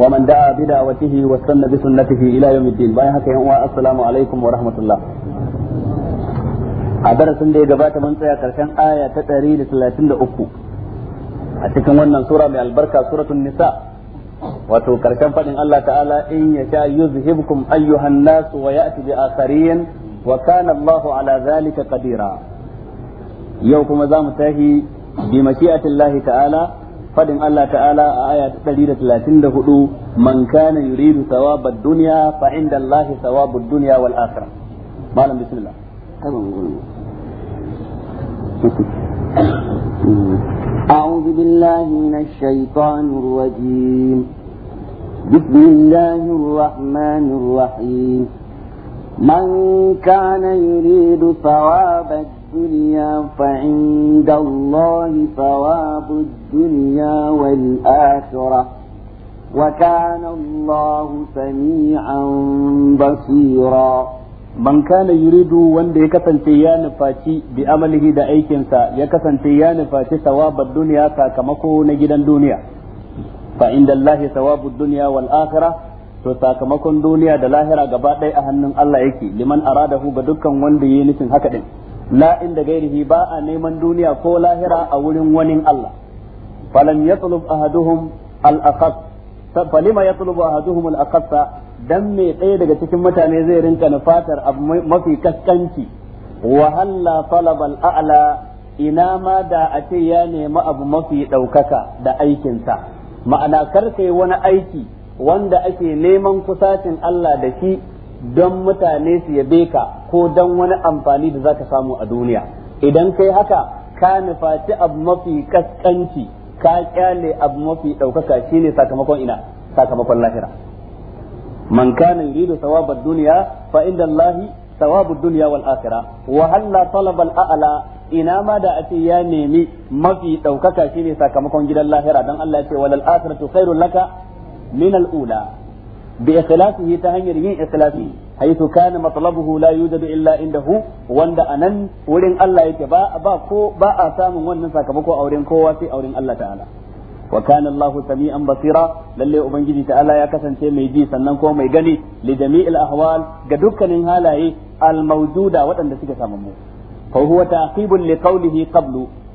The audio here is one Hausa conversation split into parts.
ومن دعا بدعوته واستنى بسنته الى يوم الدين باي haka yan uwa assalamu alaikum wa rahmatullah a darasin da ya gabata mun tsaya karshen aya ta 133 a cikin wannan sura mai albarka suratul nisa wato karshen fadin Allah ta'ala in ya yuzhibkum ayyuhan nas wa ya'ti bi akharin wa kana Allah ala zalika qadira yau kuma zamu tahi bi mashi'atillahi ta'ala فدن الله تعالى آية 134 من كان يريد ثواب الدنيا فعند الله ثواب الدنيا والآخرة معلم بسم الله أعوذ بالله من الشيطان الرجيم بسم الله الرحمن الرحيم من كان يريد ثواب الدنيا الدنيا فعند الله ثواب الدنيا والآخرة وكان الله سميعا بصيرا من كان يريد wanda ya kasance ya nufaci bi amalihi da aikinsa ya kasance ya nufaci sawabad duniya sakamako na gidan duniya fa inda to sakamakon duniya da lahira gaba ɗaya a hannun Allah yake liman aradahu ga dukkan wanda yayi nufin haka din la inda gairihi ba a neman duniya ko lahira a wurin wani Allah falam yatlub ahaduhum al-aqas falima yatlub ahaduhum al-aqas dan me ɗaya daga cikin mutane zai rinka nufatar abu mafi kaskanci wa halla talab al-a'la ina ma da a ce ya nemi abu mafi ɗaukaka da aikinsa ma'ana kar wani aiki wanda ake neman kusacin Allah da shi don mutane su yabe ka ko don wani amfani da za ka samu a duniya idan kai haka ka nufaci abu mafi kaskanci ka kyale abu mafi ɗaukaka shine sakamakon ina sakamakon lahira man kana yuridu ad dunya fa inda allahi ad dunya wal akhirah wa halla talab al a'la ina ma da ati ya nemi mafi ɗaukaka shine sakamakon gidan lahira dan Allah ya ce wal akhiratu khairul laka min al ula bi ikhlasihi ta hanyar yin ikhlasi haythu kana matlabuhu la yujadu illa indahu wanda anan wurin Allah yake ba ba ko ba samun wannan sakamako a kowa a wurin Allah ta'ala wa sami'an basira lalle ubangiji ta'ala ya kasance mai ji sannan ko gani li jami'il ahwal ga halaye waɗanda suke mu li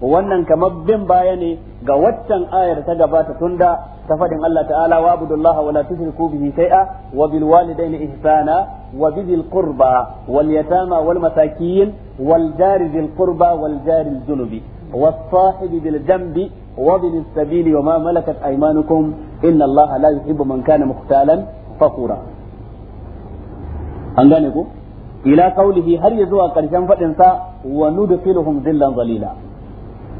wannan kamar bin baya ne ga waccan ayar ta gabata tunda ta fadin Allah ta'ala wa abudullaha wa la tushriku bihi shay'a wa bil walidayni ihsana wa bidil qurba wal yatama wal masakin wal jari dhil qurba wal jari was sahibi bil wa bil sabili wa ma malakat aymanukum inna Allah la yuhibbu man kana mukhtalan fakhura an gane ku ila qawlihi har ya zuwa karshen faɗin sa wa nudkhiluhum dhillan zalila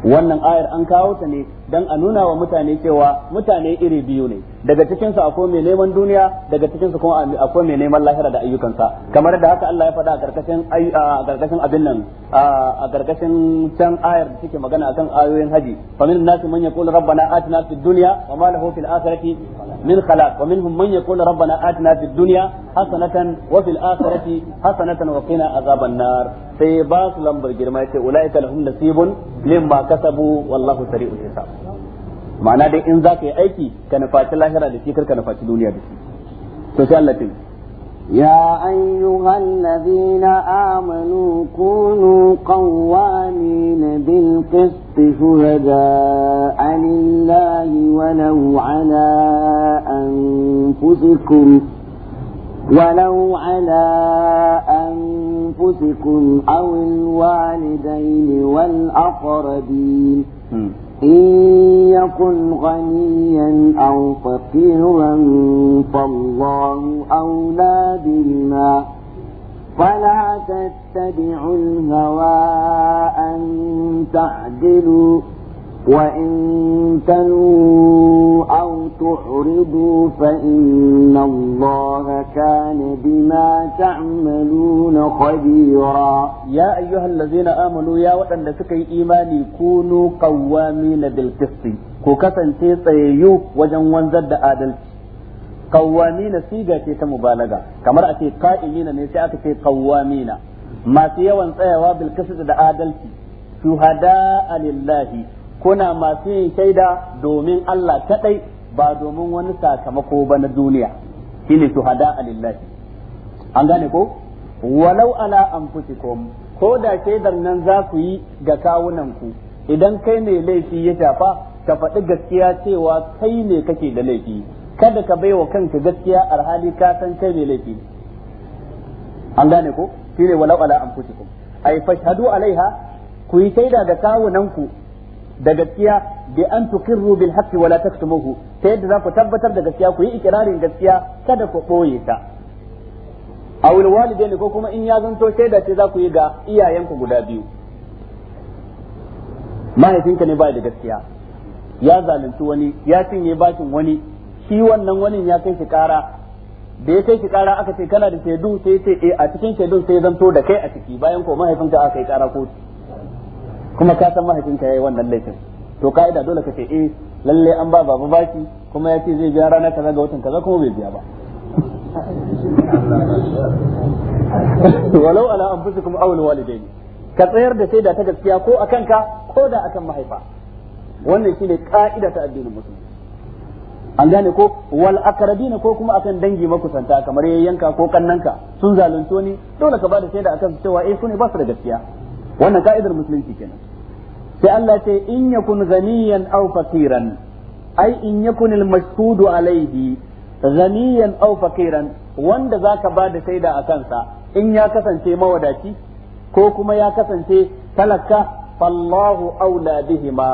wannan ayar an kawo ta ne dan a nuna wa mutane cewa mutane iri biyu ne daga cikinsu su akwai mai neman duniya daga cikinsu su kuma akwai mai neman lahira da ayyukansa kamar da haka Allah ya faɗa a karkashin a karkashin abin nan a karkashin can ayar da take magana akan ayoyin haji fa min nasi man yaqulu rabbana atina fid dunya wa ma lahu fil akhirati min khalaq wa minhum man yaqulu rabbana atina fid dunya hasanatan wa fil akhirati hasanatan wa qina azaban nar sai ba su lambar girma ce ulaika lahum nasibun mimma kasabu wallahu sari'ul hisab ma'ana dai in za ka yi aiki ka nufaci lahira da shi kar ka nufaci duniya da shi to sai Allah ya ayyuhal ladina amanu kunu qawwamin bil qist shuhada anillahi wa law ala anfusikum ولو على أنفسكم أو الوالدين والأقربين إن يكن غنيا أو فقيرا فالله أولى بهما فلا تتبعوا الهوى أن تعدلوا وإن تنوا أو تعرضوا فإن الله كان بما تعملون خبيرا يا أيها الذين آمنوا يا وطن لسكي إيماني كونوا قوامين بالقسط كوكسا تيسيو وجن وانزد آدل قوامين سيجا مبالغة كما رأتي قائمين نسيئة قوامين ما سيوا سيوا بالقسط دا آدل شهداء لله kuna masu yin shaida domin Allah kadai ba domin wani sakamako ba na duniya shine shuhada alillahi an gane ko walau ala anfusikum ko da shaidar nan za ku yi ga kawunan ku idan kai ne laifi ya shafa ka faɗi gaskiya cewa kai ne kake da laifi kada ka baiwa kanka gaskiya alhali ka san kai ne laifi an gane ko shine walau ala anfusikum ay fashhadu alaiha ku yi shaida ga kawunan ku da gaskiya bi an tuqirru bil haqqi wala taktumuhu sai yadda za ku tabbatar da gaskiya ku yi ikirarin gaskiya kada ku boye ta aw al walidaini ko kuma in ya zanto sai da ce za ku yi ga iyayenku guda biyu mahaifinka ne ba da gaskiya ya zalunci wani ya cinye bakin wani shi wannan wani ya kai shi kara da ya kai shi kara aka ce kana da shaidu sai sai eh, a cikin shaidun sai zanto da kai a ciki bayan ko mahaifinka aka yi kara kotu kuma ka san mahaifinka yayi wannan laifin to ka'ida dole ka ce eh lalle an ba baba baki kuma ya ce zai biya rana kaza ga watan kaza kuma bai biya ba walau ala anfusikum aw walidaini ka tsayar da shaida ta gaskiya ko akan ka ko da akan mahaifa wannan shine ka'ida ta addinin musulmi an gane ko wal akrabina ko kuma akan dangi makusanta kamar yayyanka ko kannanka sun zalunto ni dole ka bada shaida akan cewa eh su ne ba su da gaskiya wannan ka'idar musulunci kenan sai Allah ce in yakun ghaniyan aw fakiran ai in yakun al-mashhudu alayhi ghaniyan aw fakiran wanda zaka ba da shaida a kansa in ya kasance mawadaci ko kuma ya kasance talaka fallahu aula bihima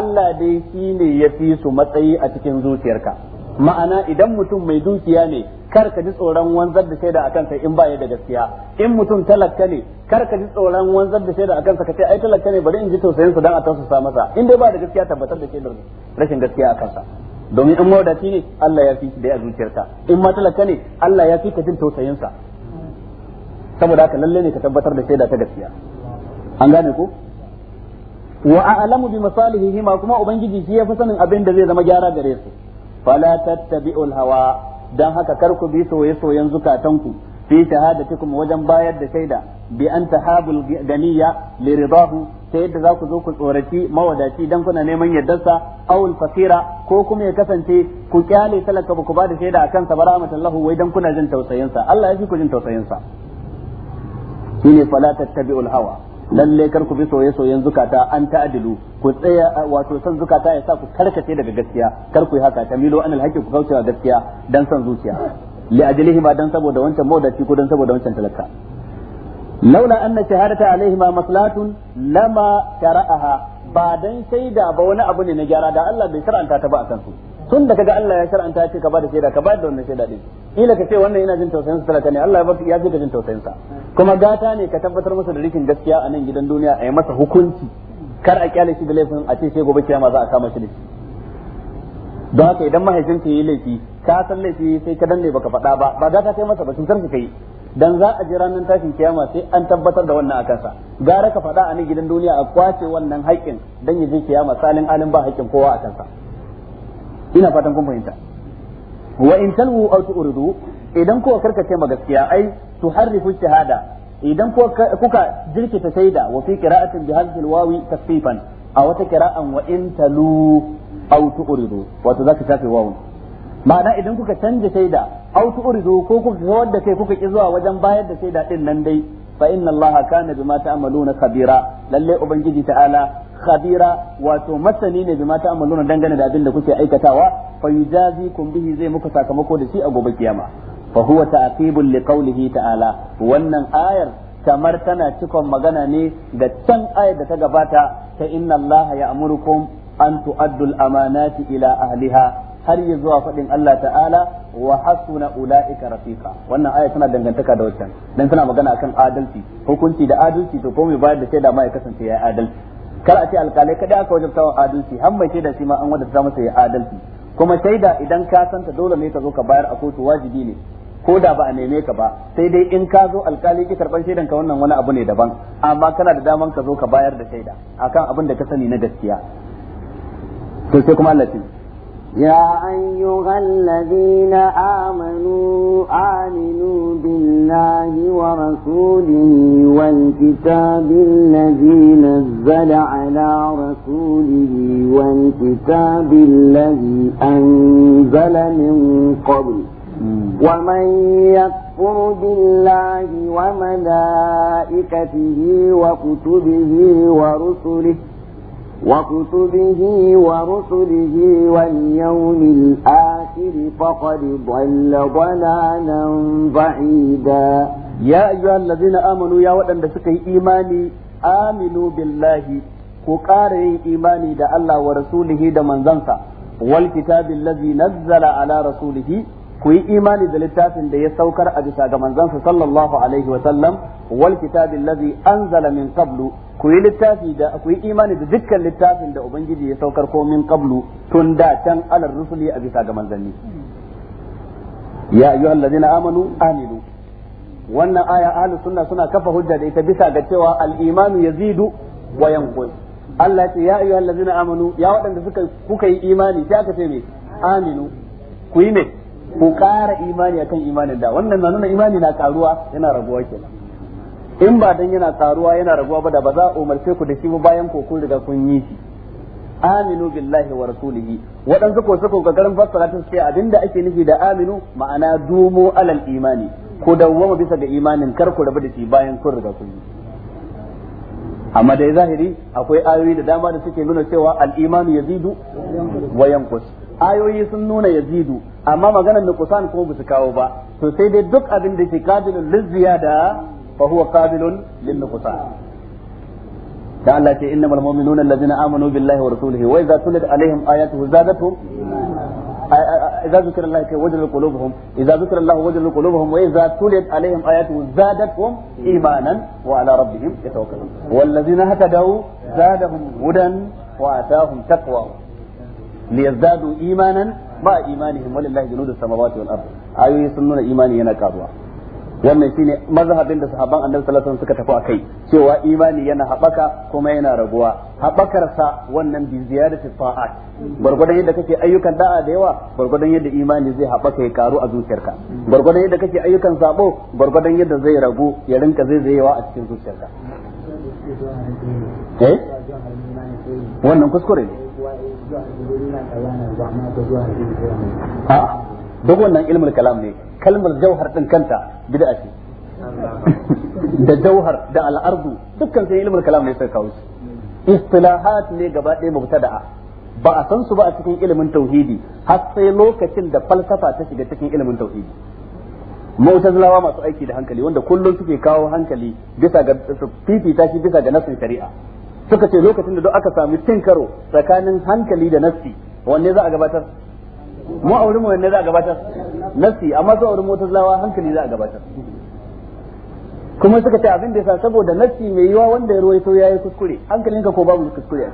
Allah dai shine yafi su matsayi a cikin zuciyarka ma'ana idan mutum mai dukiya ne kar ka ji tsoron wanzar da shaida akan sai in baya da gaskiya in mutum talaka ne kar ka ji tsoron wanzar da shaida akan sa ce ai talaka ne bari in ji tausayin sa dan a tausasa masa in dai ba da gaskiya tabbatar da da rashin gaskiya akan sa domin in shi ne Allah ya fi shi da zuciyarsa in ma talaka ne Allah ya fi ka jin tausayin sa saboda haka lalle ne ka tabbatar da shaida ta gaskiya an gane ko wa a'lamu bi masalihihima kuma ubangiji shi ya fi sanin abin da zai zama gyara gare su fala tattabi'ul hawa don haka kar ku bi soye-soyen zukatanku fi shahadatikum wajen bayar da shaida bi an tahabul ganiya li ta yadda za ku zo ku tsoraci mawadaci dan kuna neman yardarsa aw al fakira ko kuma ya kasance ku kyale talaka ba ku ba da shaida akan sa barahmatallahu wai dan kuna jin tausayin Allah ya ji ku jin tausayin sa shine fala tattabi'ul hawa lalle kar ku bi soye-soyen zukata an ta'adilu ku tsaya wato san zukata ya sa ku karkace daga gaskiya kar ku yi haka milo anil haqqi ku kaucewa gaskiya dan san zuciya li ajlihi ma dan saboda wancan modaci ko dan saboda wancan talaka laula anna shahadata alaihima maslahatun lama shara'aha ba dan shaida ba wani abu ne na gyara da Allah bai karanta ta ba a kansu tun da kaga Allah ya shar'anta ya ce ka bada shaida ka bada wannan shaida din ila ka ce wannan ina jin tausayin sa talaka ne Allah ya baka ya ji ka jin tausayin sa kuma gata ne ka tabbatar masa da rikin gaskiya a nan gidan duniya a yi masa hukunci kar a kyale shi da laifin a ce sai gobe kiyama za a kama shi da shi don haka idan mahaifinka yi laifi ka san laifi sai ka danne baka faɗa ba ba gata kai masa ba cutar ka kai dan za a ji ranar tashin kiyama sai an tabbatar da wannan akan sa gara ka faɗa a nan gidan duniya a kwace wannan haƙƙin dan ya je kiyama salin alin ba haƙƙin kowa a sa ina fatan kun fahimta wa in talwu aw tu'ridu idan kuka karkace ma gaskiya ai tuharrifu shahada idan kuka jirkita shaida wa fi qira'atin bi hadhihi wawi tasfifan a wata qira'an wa in talu aw tu'ridu wato zaka shafe wawun ma'ana idan kuka canja shaida aw tu'ridu ko kuka kawar da kai kuka ki zuwa wajen bayar da shaida din nan dai fa inna allaha kana bima ta'maluna khabira lalle ubangiji ta'ala khabira wato masani ne bima ta'maluna dangane da abin da kuke aikatawa fa kum bihi zai muku sakamako da shi a gobe kiyama fa huwa ta'qibul liqaulihi ta'ala wannan ayar kamar tana cikon magana ne da can ayar da ta gabata ta inna allaha ya'murukum an tu'addu al-amanati ila ahliha har yi zuwa faɗin Allah ta'ala wa hasuna ula'ika rafiqa wannan aya tana dangantaka da waccan dan tana magana akan adalci hukunci da adalci to ko mai bayar da shaida ma ya kasance ya adalci kar a ce alkalai kada aka wajen wa adalci har mai shaida shi ma an ta masa ya adalci kuma shaida idan ka santa dole ne ka zo ka bayar a kotu wajibi ne ko da ba a neme ka ba sai dai in ka zo alkali ki karban shaidan ka wannan wani abu ne daban amma kana da daman ka zo ka bayar da shaida akan abin da ka sani na gaskiya to sai kuma Allah يا أيها الذين آمنوا آمنوا بالله ورسوله والكتاب الذي نزل على رسوله والكتاب الذي أنزل من قبل ومن يكفر بالله وملائكته وكتبه ورسله وكتبه ورسله واليوم الآخر فقد ضل ضلالا بعيدا يا أيها الذين آمنوا يا ودن دسكي إيماني آمنوا بالله كقارئ إيماني دا الله ورسوله دا من والكتاب الذي نزل على رسوله ku yi imani da littafin da ya saukar a bisa ga manzansa sallallahu alaihi wa sallam wal kitabil ladzi anzala min qablu ku yi littafi da ku yi imani da dukkan littafin da ubangiji ya saukar ko min qablu tun da can alar rusuli a bisa ga manzanni ya ayyuhal ladzina amanu aminu wannan aya ahli sunna suna kafa hujja da ita bisa ga cewa al imanu yazidu wa yanqus Allah ya ce ya ayyuhal ladzina amanu ya waɗanda suka kuka yi imani sai aka ce me aminu ku yi me ku ƙara imani akan imanin da wannan na nuna imani na karuwa yana raguwa kenan in ba dan yana karuwa yana raguwa ba da ba za a umarce ku da shi ba bayan ko kun riga kun yi shi aminu billahi wa rasulihi waɗansu ko suka kokarin fassara ta ce abinda ake nufi da aminu ma'ana dumo alal imani ko dawwama bisa ga imanin kar ku rabu da shi bayan kun riga kun yi amma dai zahiri akwai ayoyi da dama da suke nuna cewa al-imanu yazidu wa yanqus ayoyi sun nuna ya yazidu amma maganar nuqsan ko bisu kawo ba to sai dai duk abin da ke qabilun liziyada fa huwa qabilun lin nuqsan da Allah ce innamal mu'minuna allazina amanu billahi wa rasulihi wa idza tulit alaihim ayatuhu zadatuhum idza zukira Allah kai wajal qulubuhum idza zukira Allah wajal qulubuhum wa idza tulit alaihim ayatuhu zadatuhum imanan wa ala rabbihim yatawakkalun wallazina hatadaw zadahum hudan wa atahum taqwa liyazdadu imanan ma imanihim walillahi junudu samawati wal ard ayoyi sun nuna imani yana karuwa wannan shine mazhabin da sahabban annabi sallallahu alaihi wasallam suka tafi akai cewa imani yana habaka kuma yana raguwa sa wannan bi ziyadati fa'at gurgudan yadda kake ayyukan da'a da yawa gurgudan yadda imani zai habaka ya karu a zuciyarka gurgudan yadda kake ayyukan sabo gurgudan yadda zai ragu ya rinka zai zaiwa a cikin zuciyarka eh wannan kuskure ne duk wannan ilmin kalam ne kalmar jauhar din kanta bid'a ce da jauhar da al'ardu dukkan sai ilmin kalam ne sai kawo istilahat ne gaba ɗaya mubtada'a ba a san su ba a cikin ilimin tauhidi har sai lokacin da falsafa ta shiga cikin ilimin tauhidi mu'tazilawa masu aiki da hankali wanda kullum suke kawo hankali bisa ga fifita shi bisa ga nasin shari'a suka ce lokacin da duk aka sami cin karo tsakanin hankali da nafsi wanne za a gabatar mu a wurin wanne za a gabatar nafsi amma a wurin lawa hankali za a gabatar kuma suka ce abin da yasa saboda nafsi mai yiwa wanda ya ruwaito yayi kuskure hankalinka ko babu kuskure a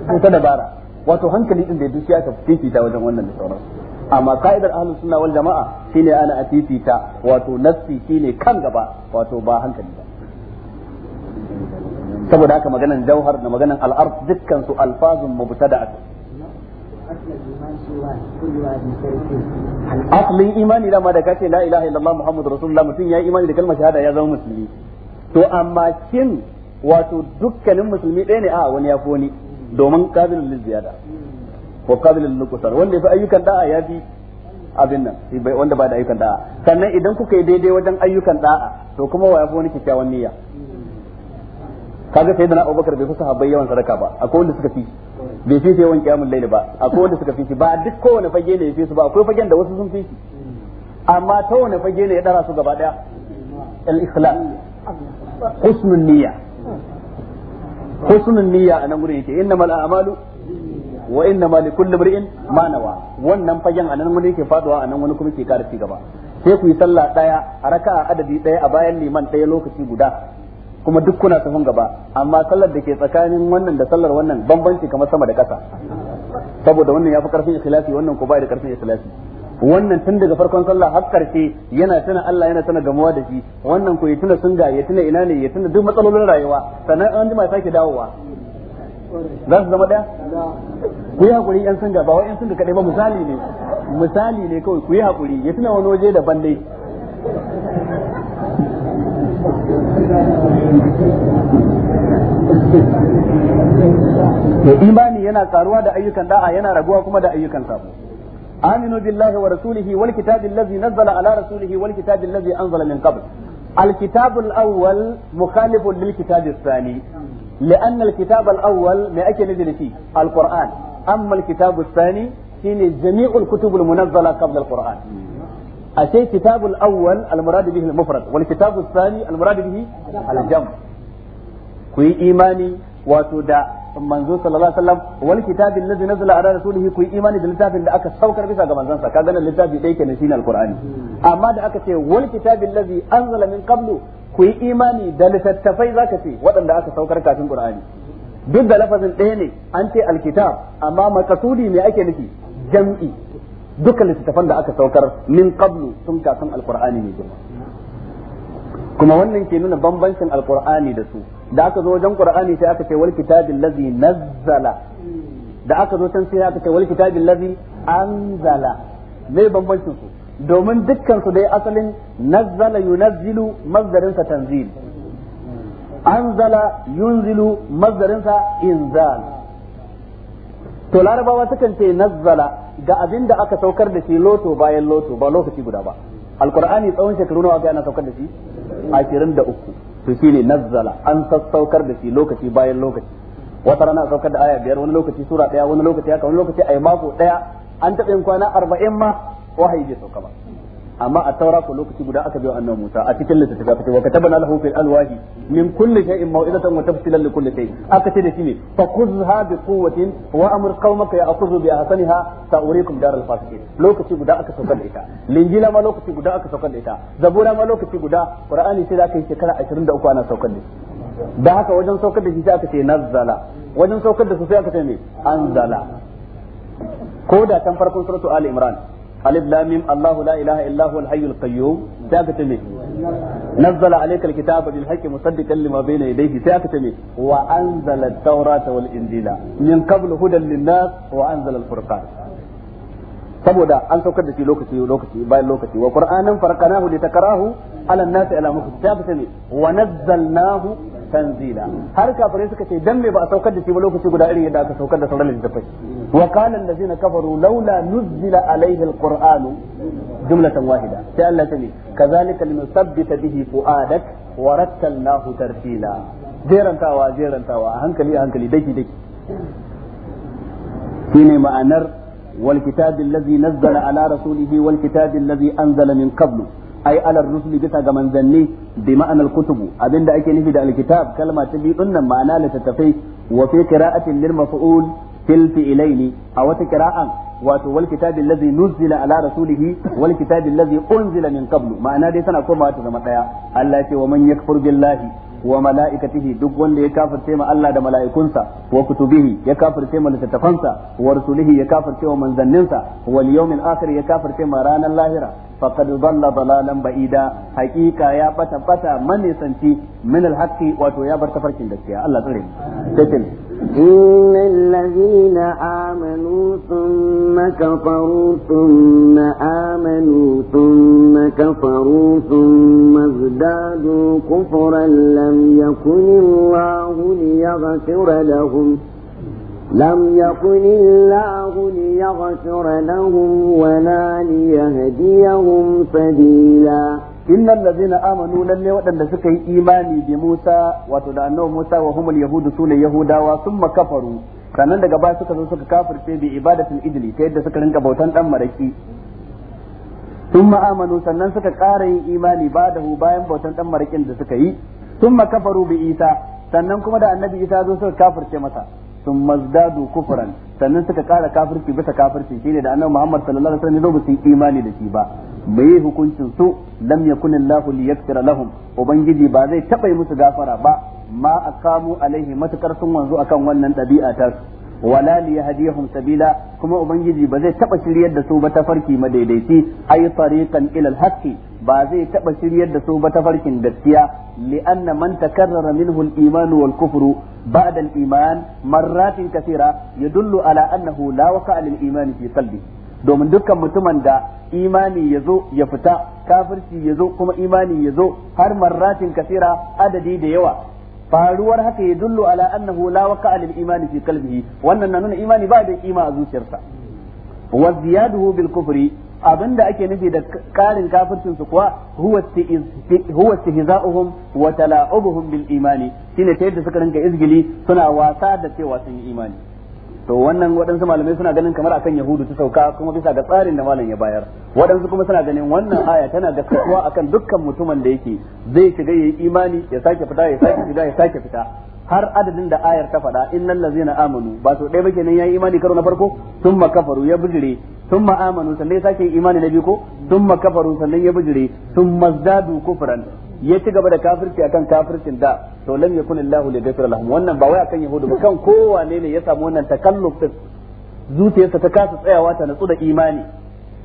cikin ta dabara wato hankali din da ya dushi aka fifita wajen wannan da amma ka'idar ahlus sunna wal jama'a shine ana atiti ta wato nafsi shine kan gaba wato ba hankali ba saboda haka maganan jauhar da maganan al'ar dukkan su alfazun mubtada aslin imani da ma da kace la ilaha illallah muhammadur rasulullah mutum ya imani da kalmar shahada ya zama musulmi to amma kin wato dukkanin musulmi ɗaya ne a wani ya wani domin qabilul liziyada ko qabilul nuqsar wanda ya fi ayyukan da'a ya fi abin nan wanda ba da ayyukan da'a sannan idan kuka yi daidai wajen ayyukan da'a to kuma wa yafi wani kyakkyawan niyya kaga sai da na abubakar bai fi sahabbai yawan sadaka ba akwai wanda suka fi bai fi yawan kiyamun laili ba akwai wanda suka fi shi ba duk kowane fage ne ya fi su ba akwai fagen da wasu sun fi shi amma ta wani fage ne ya dara su gaba daya al-ikhlas husnul niyya husnul niyya nan gurin yake innamal a'malu wa innamal likulli imrin ma nawa wannan fagen a nan gurin yake faduwa nan wani kuma ke ƙara ci gaba sai ku yi sallah daya a raka'a adadi daya a bayan liman daya lokaci guda kuma duk kuna tafin gaba amma sallar da ke tsakanin wannan da sallar wannan bambanci kamar sama da ƙasa saboda wannan ya fi karfin ikhlasi wannan ko bai da karfin ikhlasi wannan tun daga farkon sallah har karshe yana tuna Allah yana tuna gamuwa da shi wannan ko ya tuna ga ya tuna ina ne ya tuna duk matsalolin rayuwa sannan an jima sake dawowa za su zama ɗaya ku yi hakuri yan sunga ba wai yan sunga kadai ba misali ne misali ne kawai ku yi hakuri ya tuna wani waje daban dai to imani yana karuwa da ayyukan da'a yana raguwa kuma da ayyukan sabo aminu billahi wa rasulihi wal kitabil ladzi nazzala ala rasulihi wal kitabil ladzi anzala min qabl al kitab al awwal mukhalif lil kitab al thani لأن الكتاب الأول ما أكل نزل القرآن أما الكتاب الثاني shine jami'ul kutubul munazzala qabla alquran ashe kitabul awwal al murad bihi al mufrad wal kitabu bihi al jam imani wato da manzo sallallahu alaihi wasallam wal kitabi alladhi nazala ala rasulihi ku yi imani da littafin da aka saukar bisa ga manzon sa kaga nan littafi dai kenan shine alqur'ani amma da aka ce wal kitabi alladhi anzala min qablu ku imani da littattafai zaka ce waɗanda aka saukar kafin qur'ani duk da lafazin ɗaya ne an ce alkitab amma makasudi ne ake nufi jam'i duka littattafan da aka saukar min qablu sun kafin alqur'ani ne girma kuma wannan ke nuna bambancin alqur'ani da su da aka zo wajen qur'ani sai aka ce wal kitabil ladzi nazzala da aka zo can sai aka ce wal kitabil ladzi anzala me bambancin su domin dukkan su dai asalin nazzala yunazzilu mazdarin sa tanzil anzala yunzilu mazdarin sa inzal to larabawa sukan ce nazzala ga abin da aka saukar da shi loto bayan loto ba lokaci guda ba alqur'ani tsawon shekaru nawa ga ana saukar da shi 23 to shine nazzala an sassaukar da shi lokaci bayan lokaci wata rana a saukar da aya biyar wani lokaci sura daya wani lokaci haka wani lokaci ai mako daya an taɓa yin kwana arba'in ma wahayi bai sauka ba amma a taura ku lokaci guda aka biyo annabi Musa a cikin littattafa aka ce wa katabna lahu fil alwahi min kulli shay'in maw'izatan wa tafsilan li kulli shay aka ce da shi ne fa khuzha bi quwwatin wa amur qaumaka ya'khudhu bi ahsaniha sa'urikum daral fasiqin lokaci guda aka saukar da ita linjila ma lokaci guda aka saukar da ita zabura ma lokaci guda qur'ani sai da aka yi shekara 23 ana saukar da shi da haka wajen saukar da shi sai aka ce nazzala wajen saukar da su sai aka ce me anzala ko da kan farkon suratu ali imran alif lam mim la ilaha illa hayyul qayyum nazzala alayka kitaba bil haqqi musaddiqan lima bayna yadayhi sai ka wa anzala at tawrata wal injila min qabl hudan lin wa anzala al saboda an saukar da shi lokaci lokaci bayan lokaci wa qur'anan farqanahu litakarahu ala an-nasi ala mukhtaf ta fitani wa nazzalnahu tanzila har kafirai suka ce dan me ba a saukar da shi ba lokaci guda irin yadda aka saukar da sauran littafai wa qala allazina kafaru laula nuzzila alaihi al-qur'anu jumlatan wahida sai Allah ta ne kazalika linusabbita bihi fuadak wa rattalnahu tartila jerantawa jerantawa a hankali a hankali daki daki shine ma'anar والكتاب الذي نزل على رسوله والكتاب الذي أنزل من قبل أي على الرسل بتا من ذني بمعنى الكتب أبين دا أكي نفيد الكتاب كلمة تبي قلنا معنى لتتفي وفي قراءة للمفعول في الفئلين أو قراءة wato wal kitabi allazi nuzila ala rasulih wal kitabi allazi unzila min qablu ma'ana dai tana komawa ta zama daya Allah ce wa man yakfur billahi wa malaikatihi duk wanda ya kafirce ma Allah da mala'ikunsa wa kutubihi ya kafirce ma littattafansa wa rusulihi ya kafirce ma manzanninsa wal yawmil akhir ya kafirce ma ranar lahira faqad dhalla dhalalan ba'ida haqiqa ya bata bata manisanci min al haqqi wato ya bar tafarkin gaskiya Allah tsare mu إن الذين آمنوا ثم كفروا ثم آمنوا ثم كفروا ثم ازدادوا كفرا لم يكن الله ليغفر لهم لم يكن الله ليغفر لهم ولا ليهديهم سبيلا innal ladzina amanu lalle waɗanda suka yi imani bi Musa wato da annabi Musa wa humul yahudu suna yahudawa summa kafaru sannan daga ba suka zo suka sai bi ibadatul idli ta yadda suka rinka bautan dan maraki Sun amanu sannan suka ƙara yin imani ba da bayan bautan dan marakin da suka yi sun kafaru bi Isa sannan kuma da annabi Isa zo suka kafirce masa sun mazdadu kufran sannan suka kara kafirci bisa kafirci shine da annabi Muhammad sallallahu alaihi wasallam ba su yi imani da shi ba bai yi hukuncin su lam yakun Allahu yaktira lahum ubangiji ba zai taba musu gafara ba ma akamu alaihi matukar sun wanzu akan wannan dabi'a ta wala li yahdihum sabila kuma ubangiji ba zai taba shiryar da su ba tafarki ma madaidaici ay tariqan ila al ba zai taba shiryar da su ba ta gaskiya li anna man takarrara minhu al-iman wal kufru ba'da al-iman marratin ya dullu ala annahu la waqa'a lil-iman fi qalbi domin dukkan mutumin da imani ya ya fita kafirci ya zo kuma imani ya zo har marratin kasira adadi da yawa faruwar haka ya dullo ala annahu la waqa'a lil imani fi qalbihi wannan na nuna imani ba da kima a zuciyarsa wa ziyaduhu bil kufri abinda ake nufi da karin kafircin su kuwa huwa istihza'uhum wa tala'ubuhum bil imani shine ta yadda suka rinka izgili suna wasa da cewa sun yi imani to wannan waɗansu malamai suna ganin kamar akan yahudu ta sauka kuma bisa ga tsarin da malam ya bayar waɗansu kuma suna ganin wannan aya tana da kasuwa akan dukkan mutumin da yake zai shiga yayi imani ya sake fita ya sake shiga ya sake fita har adadin da ayar ta faɗa innal ladzina amanu ba to ɗaya ba kenan yayi imani karo na farko thumma kafaru ya bujire thumma amanu sannan ya sake imani na biyu ko thumma kafaru sannan ya bijire thumma zadu kufran ya ci gaba da kafirci akan kafircin da to lam yakun Allahu li ghafira lahum wannan ba wai akan yahudu ba kan kowane ne ya samu wannan takalluf din zuciyarsa ta kasa tsayawa ta natsu da imani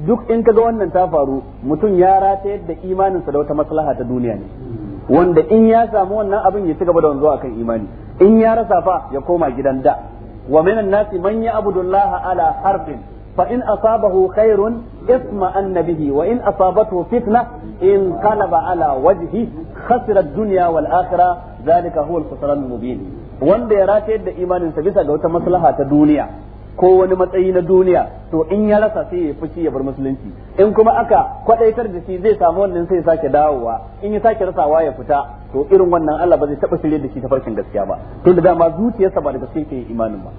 duk in kaga wannan ta faru mutum ya ratayar da imaninsa da wata maslaha ta duniya ne wanda in ya samu wannan abin ya ci gaba da wanzuwa akan imani in ya rasa fa ya koma gidan da wa minan nasi man ya'budu Allah ala harfin fa in asabahu khairun isma annabihi wa in asabatu fitna in qalaba ala wajhi khasira ad-dunya wal akhirah zalika huwa al-khusran mubin wanda ya rata yadda imanin sa bisa ga wata maslaha ta duniya ko wani matsayi na duniya to in ya rasa sai ya fushi ya bar musulunci in kuma aka kwadaitar da shi zai samu wannan sai ya sake dawowa in ya sake rasawa ya fita to irin wannan Allah ba zai taba shirye da shi ta farkin gaskiya ba tunda dama zuciyarsa ba da gaskiya ke imanin ba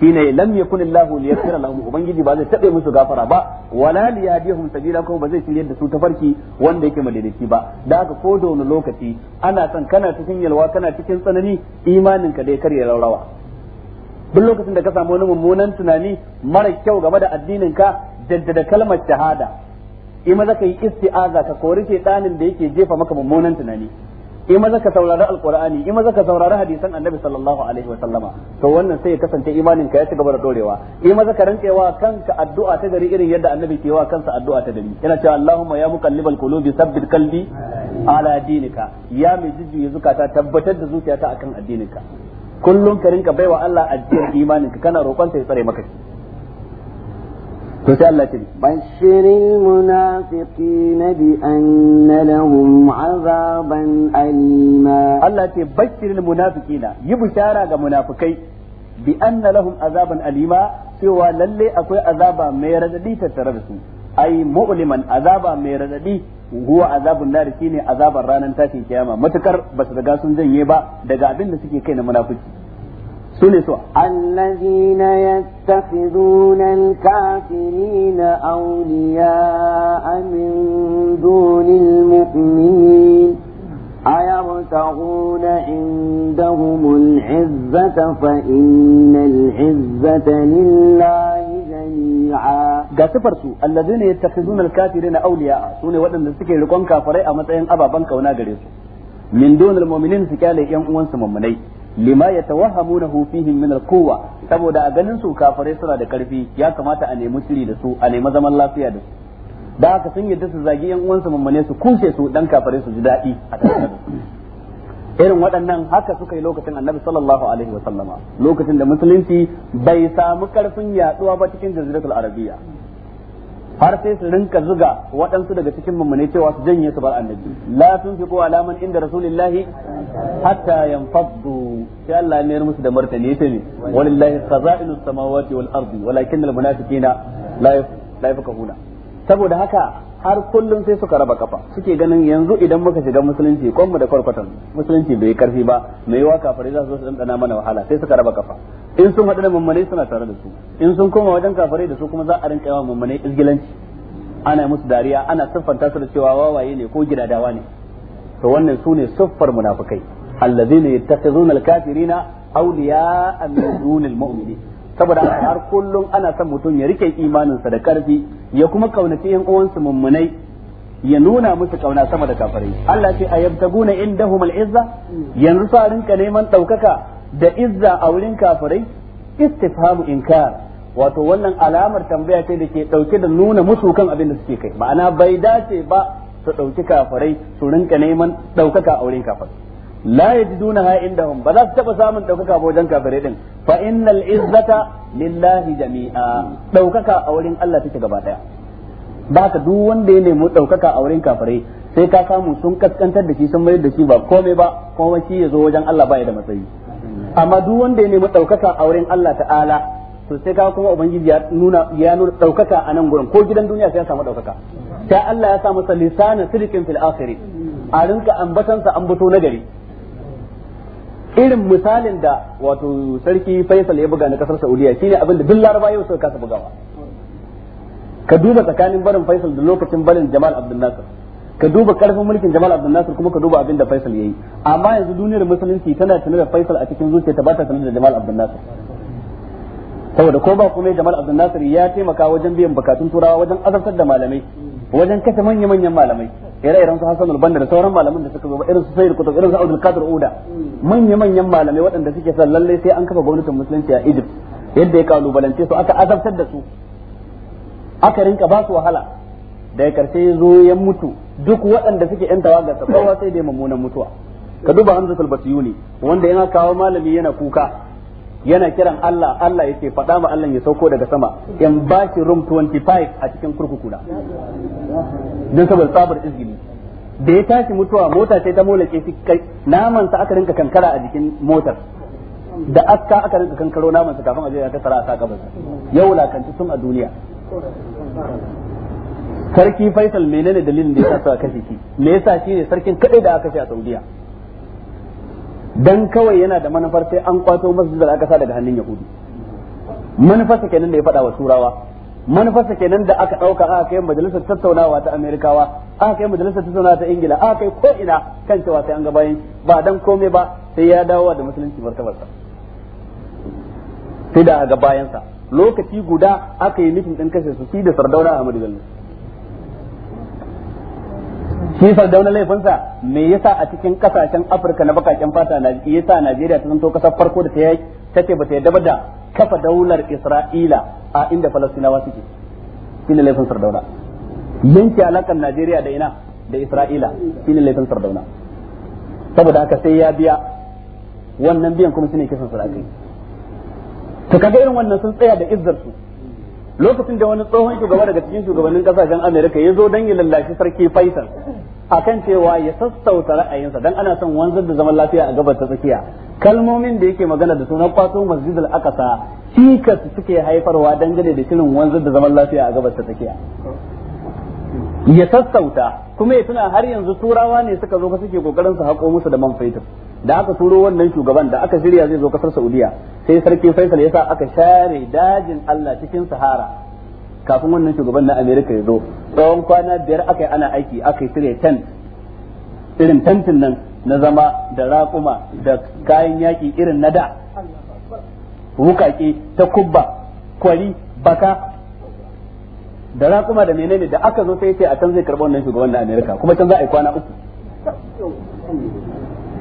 shine lam yakun li liyaghfira lahum ubangiji ba zai tabe musu gafara ba wala yadihum sabila kuma ba zai shirye da su tafarki wanda yake madaidaici ba da haka ko da wani lokaci ana san kana cikin yalwa kana cikin tsanani imanin ka dai kare raurawa duk lokacin da ka samu wani mummunan tunani mara kyau game da addinin ka jaddada kalmar shahada in maza ka yi isti'aza ka kori ɗanin da yake jefa maka mummunan tunani in maza ka saurari alqur'ani in maza ka saurari hadisan annabi sallallahu alaihi wa sallama to wannan sai ya kasance imanin ka ya cigaba da dorewa in maza ka rantsewa kanka addu'a ta gari irin yadda annabi ke wa kansa addu'a ta gari yana cewa allahumma ya muqallibal qulubi sabbit qalbi ala dinika ya mai jijjiye zukata tabbatar da zuciyata akan addininka kullum ka rinka baiwa Allah ajiyar imaninka kana roƙon ya tsare maka shi sai Allah ce bashiril munafiqina bi anna lahum azaban alima Allah ce bashiril munafiqina yi bishara ga munafukai bi anna azaban alima cewa lallai akwai azaba mai radadi tattare da su ai mu'liman azaba mai radadi huwa azabun nar ne azaban ranar tashin kiyama matukar basu riga sun janye ba daga abinda da suke kai na munafiki سوني سوى الذين يتخذون الكافرين أولياء من دون المؤمنين أيبتغون عندهم العزة فإن العزة لله جميعا ga sifar su allazina yattakhizuna alkafirina awliya sune waɗanda suke rikon kafirai a matsayin ababan kauna gare su min dunal mu'minin su kyale yan uwansu mummunai lima ya na hufi min kowa saboda a ganin su kafare suna da karfi ya kamata a nemi shiri da su a nemi zaman lafiya da su da haka sun yadda su zagi yan uwansu mummune su kushe su dan kafare su ji daɗi a tare irin waɗannan haka suka yi lokacin annabi sallallahu alaihi wa sallama lokacin da musulunci bai samu karfin yaduwa ba cikin jaziratul arabiya har sai su rinka zuga waɗansu daga cikin mummune cewa su janye su bar annabi la tunfiqu ala man inda rasulillahi hatta yanfaddu sai Allah ne musu da martani yace ne walillahi khaza'inus samawati wal ardi walakinnal munafiqina la la yafqahuna saboda haka har kullum sai suka raba kafa suke ganin yanzu idan muka shiga musulunci kwanmu da kwarkwatan musulunci bai karfi ba mai yiwa kafare za su zo su dandana mana wahala sai suka raba kafa in sun haɗu da mummunai suna tare da su in sun koma wajen kafare da su kuma za a rinka yawa mummunai izgilanci ana musu dariya ana siffanta su da cewa wawaye ne ko gidadawa ne to wannan su ne siffar munafukai allazina yattakhizuna alkafirina awliya'a min dunil mu'minin saboda har kullum ana son mutum ya rike imaninsa da karfi ya kuma kaunaci yan uwansa mummunai ya nuna musu kauna sama da kafirai Allah ce a yabtaguna indahum al-izza yanzu sa rinka neman daukaka da izza a wurin kafirai istifhamu inkar wato wannan alamar tambaya ce da ke dauke da nuna musu kan abin da suke kai ma'ana bai dace ba su dauki kafirai su rinka neman daukaka a wurin kafirai la yajidunaha indahum ba za su taba samun daukaka ba wajen kafirai din fa innal izzata lillahi jami'a daukaka a wurin Allah take gaba daya ba ka duk wanda ya nemi daukaka a wurin kafirai sai ka samu sun kaskantar da shi sun mayar da shi ba komai ba kuma shi ya zo wajen Allah ba da matsayi amma duk wanda ya nemi daukaka a wurin Allah ta'ala to sai ka kuma ubangiji ya nuna ya nuna a nan gurin ko gidan duniya sai ya samu daukaka sai Allah ya sa masa lisanin sirkin fil akhirah a rinka ambatansa ambato na gari irin misalin da wato sarki Faisal ya buga na kasar Saudiya shine abin da duk Laraba yau suka kasa bugawa ka duba tsakanin barin Faisal da lokacin barin Jamal Abdul Nasir ka duba karfin mulkin Jamal Abdul Nasir kuma ka duba abin da Faisal yayi amma yanzu duniyar musulunci tana tunar da Faisal a cikin ta ba ta tana da Jamal Abdul Nasir saboda ko ba kuma Jamal Abdul Nasir ya taimaka wajen biyan bukatun turawa wajen azabtar da malamai wajen kashe manya-manyan malamai ire-iren su Hassan al-Banna da sauran malaman da suka zo ba irin su Sayyid Qutb irin su Abdul Qadir Uda manya-manyan malamai waɗanda suke san lalle sai an kafa gwamnatin musulunci a Egypt yadda ya kalubalance su aka azabtar da su aka rinka ba su wahala ya karshe ya zo ya mutu duk waɗanda suke yan sa kowa sai dai mummunan mutuwa ka duba Hamza al-Basiyuni wanda yana kawo malami yana kuka yana kiran Allah Allah yace faɗa ma Allah ya sauko daga sama in ba shi room 25 a cikin kurkuku na don saboda tsabar izgili da ya tashi mutuwa mota sai ta molake shi kai naman sa aka rinka kankara a jikin motar da aska aka rinka kankaro naman sa kafin a je ya kasara a sa gaban yau lakanci sun a duniya sarki Faisal menene dalilin da ya sa kashe shi me yasa shi ne sarkin kadai da aka kashe a Saudiya dan kawai yana da manufar sai an kwato aka sa daga hannun yahudi sa kenan da ya fada wa turawa sa kenan da aka ɗauka aka kai majalisar tattaunawa ta amerikawa aka kai majalisar tattaunawa ta ingila aka kai ko ina kan cewa sai an ga bayan ba dan komai ba sai ya dawo da musulunci martabarsa sai da ga bayansa lokaci guda aka yi mitin din kashe su da sardauna a Bello shi dauna laifinsa me yasa a cikin kasashen afirka na bakaken fata na yasa najeriya ta zanto kasar farko da ta yi ba ta yi ba da kafa daular isra'ila a inda falastinawa suke ne laifin sardauna yanke alakan najeriya da ina da isra'ila ne laifin sardauna saboda haka sai ya biya wannan biyan kuma ne kisan sarakai to kaga irin wannan sun tsaya da izzar su lokacin da wani tsohon shugaba daga cikin shugabannin kasashen Amerika ya zo don ya lallashi sarki Faisal kan cewa ya sassauta ra'ayinsa don ana son wanzar da zaman lafiya a gabar ta tsakiya kalmomin da yake magana da sunan kwaso masjid al-aqsa cikas suke haifarwa dangane da shirin wanzar da zaman lafiya a gabar ta tsakiya ya sassauta kuma ya tuna har yanzu turawa ne suka zo ka suke kokarin su haƙo musu da man fetur da aka turo wannan shugaban da aka shirya zai zo kasar Saudiya sai sarki Faisal ya sa aka share dajin Allah cikin Sahara kafin wannan shugaban na Amerika ya zo tsawon kwana biyar aka yi ana aiki aka yi shirya tent irin tentin nan na zama da raƙuma da kayan yaƙi irin na da wukaƙe ta kubba kwari baka da raƙuma da menene da aka zo sai ce a can zai karɓi wannan shugaban na Amerika kuma can za a yi kwana uku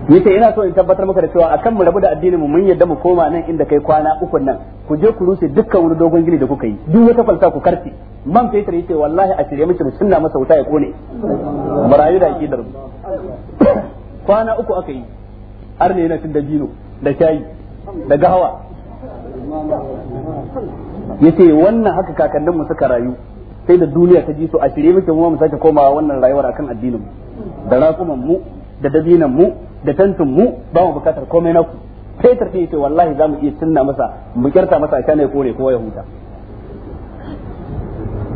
yace ina so in tabbatar maka da cewa akan mu rabu da addinin mu mun yadda mu koma nan inda kai kwana uku nan ku je ku rushe dukkan wani dogon gini da kuka yi duk wata falsa ku karfe man fetur yace wallahi a shirye miki mu masa wuta ya kone marayu da akidar mu kwana uku aka yi har ne yana da da shayi da gahawa yace wannan haka kakannin mu suka rayu sai da duniya ta ji su a shirye muke mu mu sake komawa wannan rayuwar akan addinin mu da rakuman mu da dabinan mu da tantin mu ba mu bukatar komai na ku Peter sai yace wallahi za mu iya tunna masa mu kyarta masa a ne kore ko ya huta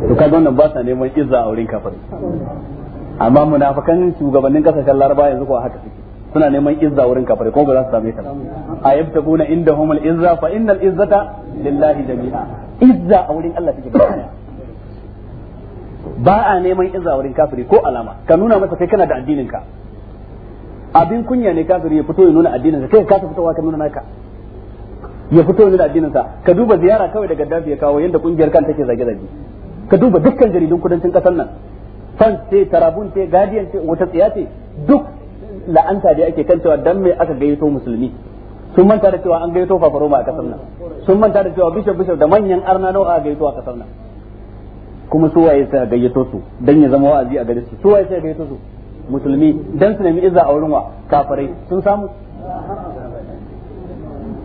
to kaga wannan ba sa neman izza a wurin kafir amma munafikan shugabannin kasashen Laraba yanzu ko haka suke suna neman izza wurin kafir ko ba za su same ta a yabtaguna humul izza fa innal izzata lillahi jami'a izza a wurin Allah take bayani ba a neman izawarin kafiri ko alama ka nuna masa kai kana da addinin ka abin kunya ne kafiri ya fito ya nuna addinin sa kai ka fitowa ka nuna naka ya fito ya nuna addinin sa ka duba ziyara kawai da Gaddafi ya kawo yanda kungiyar kan take zage zage ka duba dukkan jaridun kudancin kasar nan fan ce tarabun ce guardian ce wata tsiya ce duk la'anta da ake kan cewa dan mai aka gayyato musulmi sun manta da cewa an gayyato fafaroma a kasar nan sun manta da cewa bishop bishop da manyan arna nawa a gayyato a kasar nan kuma su waye sai gayyato su dan ya zama wa'azi a gare su su waye sai gayyato su musulmi dan su nemi izza a wurin wa kafirai sun samu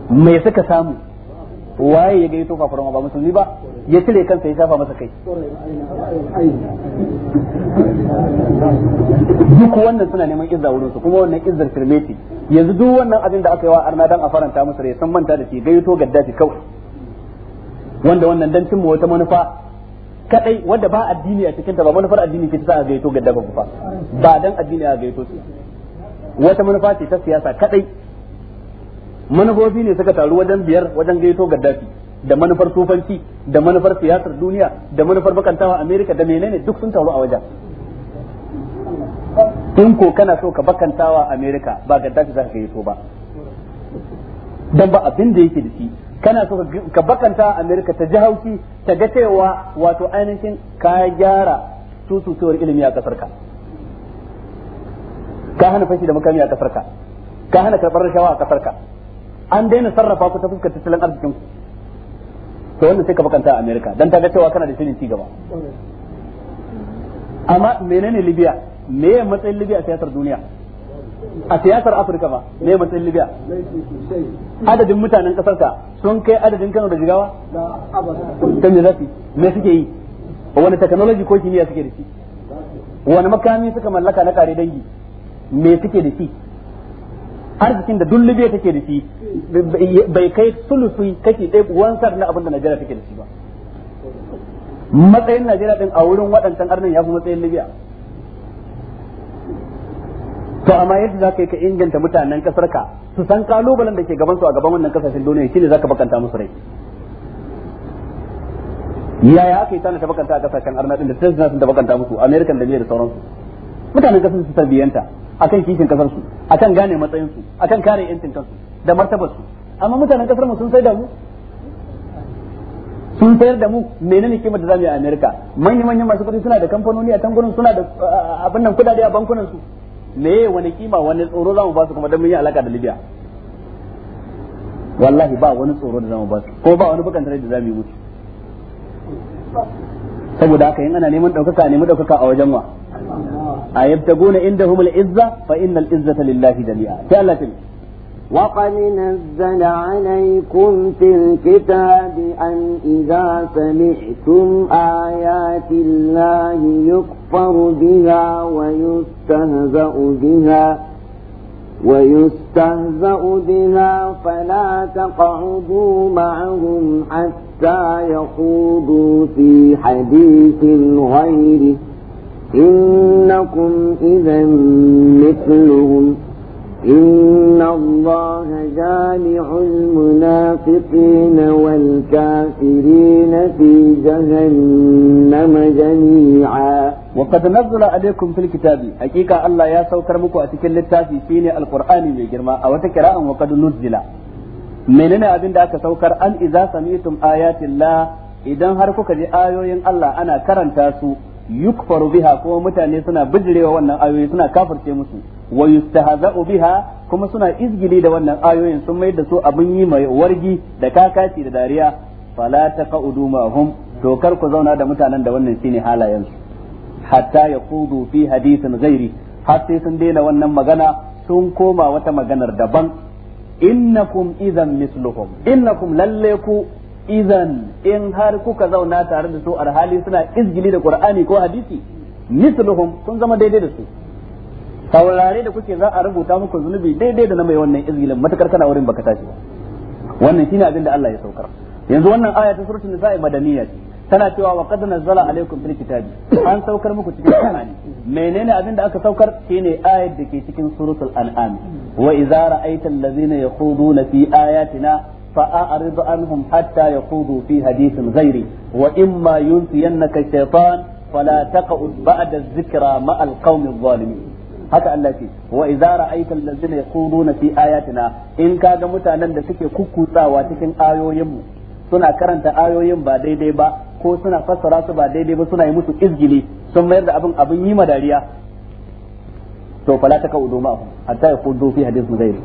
me suka samu waye ya gayyato kafirai ba musulmi ba ya cire kansa ya shafa masa kai duk wannan suna neman izza wurin su kuma wannan izzar firmeti yanzu duk wannan abin da aka yi wa arna dan a faranta musu rai san manta da shi gayyato gaddafi kawai wanda wannan dan cimma wata manufa kadai wanda ba addini a cikin ta ba manufar addini ke ta a gaito ga dafa ba ba dan addini a gaito su wata manufa ce ta siyasa kadai manufofi ne suka taru wajen biyar wajen gaito gaddafi da manufar tufanci da manufar siyasar duniya da manufar bakantawa amerika da menene duk sun taru a wajen in ko kana so ka bakantawa amerika ba gaddafi za ka gaito ba dan ba abin da yake da shi kana so ka bakanta Amerika ta ji haushi ta ga cewa wato ainihin ka gyara tututuwar ilimi a kasar ka ka hana fashi da makami a kasar ka ka hana karbar rashawa a kasar ka an daina sarrafa ku ta fuskar tattalin arzikin ku to wannan sai ka bakanta a Amerika dan ta ga cewa kana da shirin ci gaba amma menene Libya me matsayin Libya a siyasar duniya a siyasar Afirka ba ne matsayin Libya adadin mutanen kasar sun kai adadin Kano da Jigawa ta me zafi me suke yi wani technology ko kimiyya suke da shi wani makami suka mallaka na kare dangi me suke da shi arzikin da duk Libya take da shi bai kai sulusu kashi ɗaya wansar na abin da Najeriya take da shi ba matsayin Najeriya ɗin a wurin waɗancan arnin ya fi matsayin Libya to amma yadda zaka yi ka inganta mutanen kasar ka su san kalubalen da ke gaban su a gaban wannan kasashen duniya shine zaka bakanta musu rai yaya aka yi tana ta bakanta a kasashen arnaɗin da ta zina sun ta bakanta musu american da biyar da sauransu mutanen kasar su a akan kishin kasar su akan gane matsayin su akan kare yancin kansu da martabar su amma mutanen kasar mu sun sai da mu sun sayar da mu menene kimar da zamu yi a America manya manyan masu kuɗi suna da kamfanoni a tangunan suna da abin nan kudade a bankunan su meye wani kima wani tsoro zamu ba su kuma don mun yi alaka da Libya wallahi ba wani tsoro da zamu ba su ko ba wani tare da zamu yi musu saboda haka yin ana neman daukaka ne mu daukaka a wajen wa a yabtaguna indahumul izza fa innal izzata lillahi jami'a sai Allah ta وقد نزل عليكم في الكتاب أن إذا سمعتم آيات الله يكفر بها ويستهزأ بها ويستهزأ بها فلا تقعدوا معهم حتى يخوضوا في حديث غيره إنكم إذا مثلهم إن الله جامع المنافقين والكافرين في جهنم جميعا وقد نزل عليكم في الكتاب حقيقة الله يا سوكر مكو أتكل التافي فيني القرآن من أو تكراء وقد نزل منين أبن داك سوكر أن إذا سمعتم آيات الله إذا كذي آيو ين الله أنا كرن تاسو يكفر بها كو متاني سنة بجري ووانا آيو سنة كافر تيمسو wa yustahza'u biha kuma suna izgili da wannan ayoyin sun mai da su abin yi mai wargi da kakaci da dariya fala taqudu ma'hum to kar ku zauna da mutanen da wannan shine halayen su hatta kudu fi hadisin ghairi har sai sun daina wannan magana sun koma wata maganar daban innakum idan misluhum innakum lalle ku izan in har kuka zauna tare da su arhali suna izgili da qur'ani ko hadisi misluhum kun zama daidai da su saurare da kuke za a rubuta muku zunubi daidai da na mai wannan izgilin matakar kana wurin baka tashi wannan shine abin da Allah ya saukar yanzu wannan aya ta suratul nisa'i madaniya ce tana cewa wa qad nazzala alaikum fil kitabi an saukar muku cikin qur'ani menene abin da aka saukar shine ayar da ke cikin suratul an'am wa idza ra'aita allazina yakhuduna fi ayatina فأعرض عنهم حتى يخوضوا في حديث غيري وإما ينسينك الشيطان فلا تقعد بعد الذكرى مع القوم الظالمين haka Allah ce wa idza ra'aita allazina yaquluna fi ayatina in kaga mutanen da suke kukkutsawa cikin ayoyin mu suna karanta ayoyin ba daidai ba ko suna fassara su ba daidai ba suna yi musu izgili sun mayar da abin abin yi madariya to fala taka udu ma hatta yaqudu fi hadith ghairi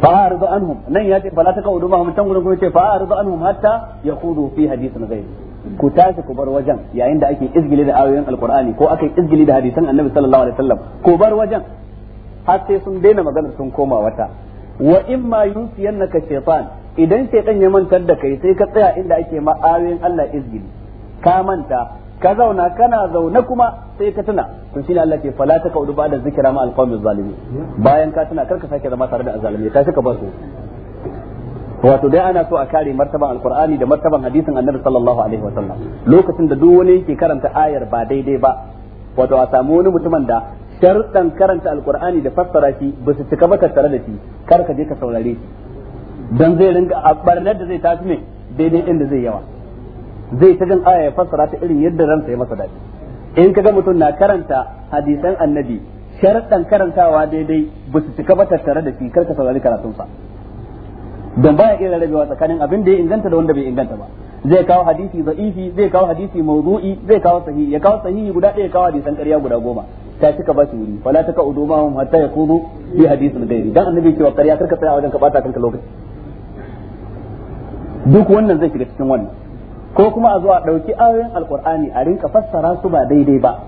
fa arzu anhum nan ya ce fala taka udu ma tan gurin kuma ce fa arzu anhum hatta yaqudu fi hadith ghairi ku tashi ku bar wajen yayin da ake izgili da ayoyin alkur'ani ko ake izgili da hadisan annabi sallallahu alaihi wasallam ku bar wajen har sai sun daina magana sun koma wata wa in imma yunsiyannaka shaytan idan shaytan ya mantar da kai sai ka tsaya inda ake ma ayoyin Allah izgili ka manta ka zauna kana zaune kuma sai ka tuna to shine Allah ke fala ta kaudu ba da zikira ma alqawmi zalimi bayan ka tuna karka sake zama tare da azalimi ta suka ba su wato dai ana so a kare martaban alqur'ani da martaban hadisin annabi sallallahu alaihi wasallam lokacin da duk wani yake karanta ayar ba daidai ba wato a samu wani mutumin da sharɗan karanta alqur'ani da fassara shi ba su cika ba tare da shi kar ka je ka saurare shi dan zai ringa a barnar da zai tafi ne daidai inda zai yawa zai ta jin aya ya fassara ta irin yadda ransa ya masa daɗi in kaga mutum na karanta hadisan annabi sharɗan karantawa daidai ba su cika ba tattare da shi kar ka saurari karatunsa dan baya iya rarrabewa tsakanin abin da ya inganta da wanda bai inganta ba zai kawo hadisi za'ifi zai kawo hadisi mawdu'i zai kawo sahihi ya kawo sahihi guda ɗaya ya kawo hadisan ƙarya guda goma ta cika ba shi wuri fala taka udumahum hatta yakudu bi hadisin gairi dan annabi cewa ƙarya karka tsaya wajen ka bata kanka lokaci duk wannan zai shiga cikin wannan ko kuma a zo a ɗauki ayoyin alkur'ani a rinka fassara su ba daidai ba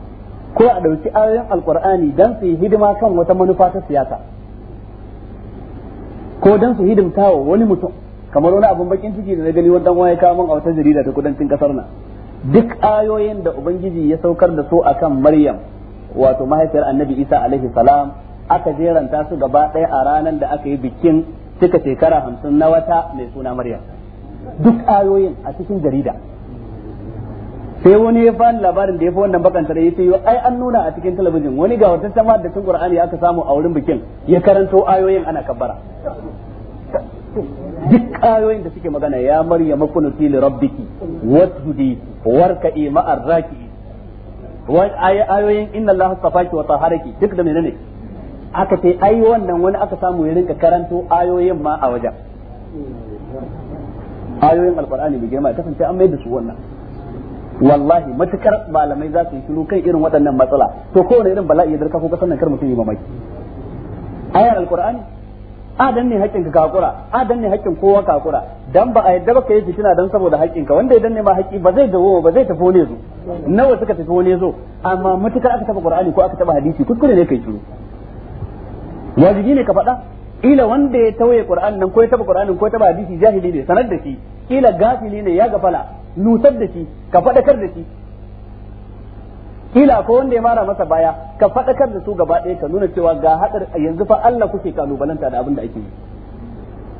ko a ɗauki ayoyin alkur'ani dan su yi hidima kan wata manufa ta siyasa ko dan su hidimta wa wani mutum kamar wani abun bakin ciki da na gani wani dan waye kawo min a wata jarida ta kudancin kasar nan duk ayoyin da ubangiji ya saukar da su akan maryam wato mahaifiyar annabi isa alaihi salam aka jeranta su gaba ɗaya a ranar da aka yi bikin cika shekara hamsin na wata mai suna maryam duk ayoyin a cikin jarida sai wani ya fani labarin da ya fi wannan bakanta da ya ce ai an nuna a cikin talabijin wani ga wata sama da cin qur'ani aka samu a wurin bikin ya karanto ayoyin ana kabbara duk ayoyin da suke magana ya marya kunuti fili rabbiki wasjudi warka'i ma'ar raki'i wa ayoyin inna allaha safaki wa taharaki duk da menene aka ce ai wannan wani aka samu ya rinka karanto ayoyin ma a wajen ayoyin alqur'ani bai girma kasance an mai da su wannan wallahi matukar malamai za su yi shiru kan irin waɗannan matsala to kowane irin bala'i ya darka ko kasan nan kar mutum yi mamaki ayar alqur'ani adan ne haƙƙinka ka kakura adan ne haƙƙin kowa kakura dan ba a yadda baka yi fitina dan saboda haƙƙinka wanda idan ne ma haƙƙi ba zai dawo ba zai tafi ne zo nawa suka tafi ne zo amma matukar aka taba qur'ani ko aka taba hadisi kuskure ne kai shiru wajibi ne ka faɗa ila wanda ya tauye qur'an nan ko ya taba qur'anin ko ya taba hadisi jahili ne sanar da shi ila gafili ne ya gafala nusar da shi ka faɗakar da shi kila ko wanda ya mara masa baya ka faɗakar da su gaba ɗaya ka nuna cewa ga hadar yanzu fa Allah kuke kalubalanta da abin da ake yi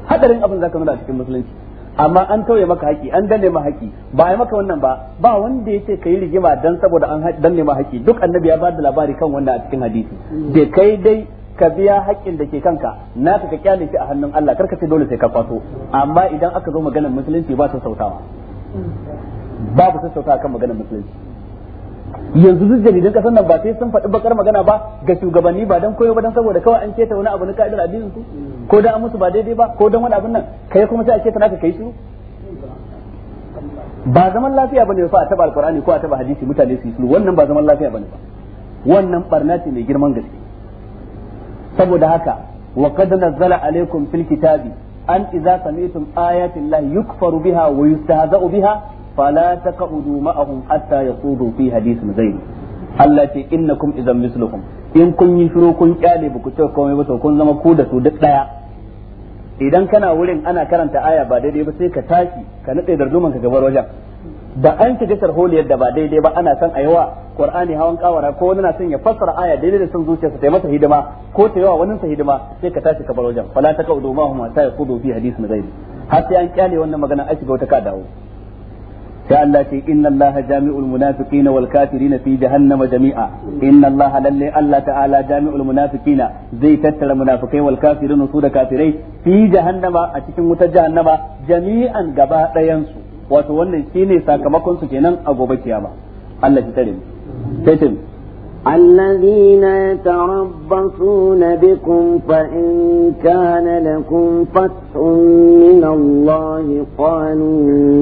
hadarin abin zaka nuna a cikin musulunci amma an tauye maka haƙi an danne maka haƙi ba ya maka wannan ba ba wanda yace kai rigima dan saboda an danne ma haƙi duk annabi ya bada labari kan wanda a cikin hadisi mm. da kai dai ka biya haƙƙin da ke kanka na ka kyale shi a hannun Allah karka ce dole sai ka kwato amma idan aka zo maganar musulunci ba ta sautawa babu sassauta kan maganar musulunci yanzu duk jaridan kasar nan ba sai sun faɗi bakar magana ba ga shugabanni ba dan koyo ba dan saboda kawai an keta wani abu na ka'idar addinin su ko dan an ba daidai ba ko dan wani abin nan kai kuma sai a keta naka kai su ba zaman lafiya bane fa a taba alqur'ani ko a taba hadisi mutane su yi su wannan ba zaman lafiya bane ba wannan barna ce mai girman gaske saboda haka wa qad nazzala alaikum fil kitabi an idza sami'tum ayati llahi yukfaru biha wa yustahza'u biha fala taq'udu ma'ahum hatta yasudu fi zai zayn Allah ce innakum idan mislukum in kun yi shiru kun kyale ba ku ce komai ba to kun zama ku da su duk daya idan kana wurin ana karanta aya ba daidai ba sai ka tashi ka nade darduman ka gabar wajen da an shiga sharholiyar da ba daidai ba ana son a yi wa qur'ani hawan kawara ko wani na son ya fassara aya daidai da son zuciyarsa ta yi masa hidima ko ta yi wa wani sa hidima sai ka tashi ka bar wajen fala ta kaudu ma huma ta yaqudu fi hadisin ghairi har sai an kyale wannan magana an shiga wata ka dawo sai Allah ce inna Allah jami'ul munafiqina wal kafirina fi jahannama jami'a inna Allah lalle Allah ta'ala jami'ul munafiqina zai tattara munafikai wal kafirina su da kafirai fi jahannama a cikin wutar jahannama jami'an gaba ɗayan su wato wannan ne sakamakon su kenan a gobe kiyama Allah ya tare mu sai tare الذين يتربصون بكم فإن كان لكم فتح من الله قالوا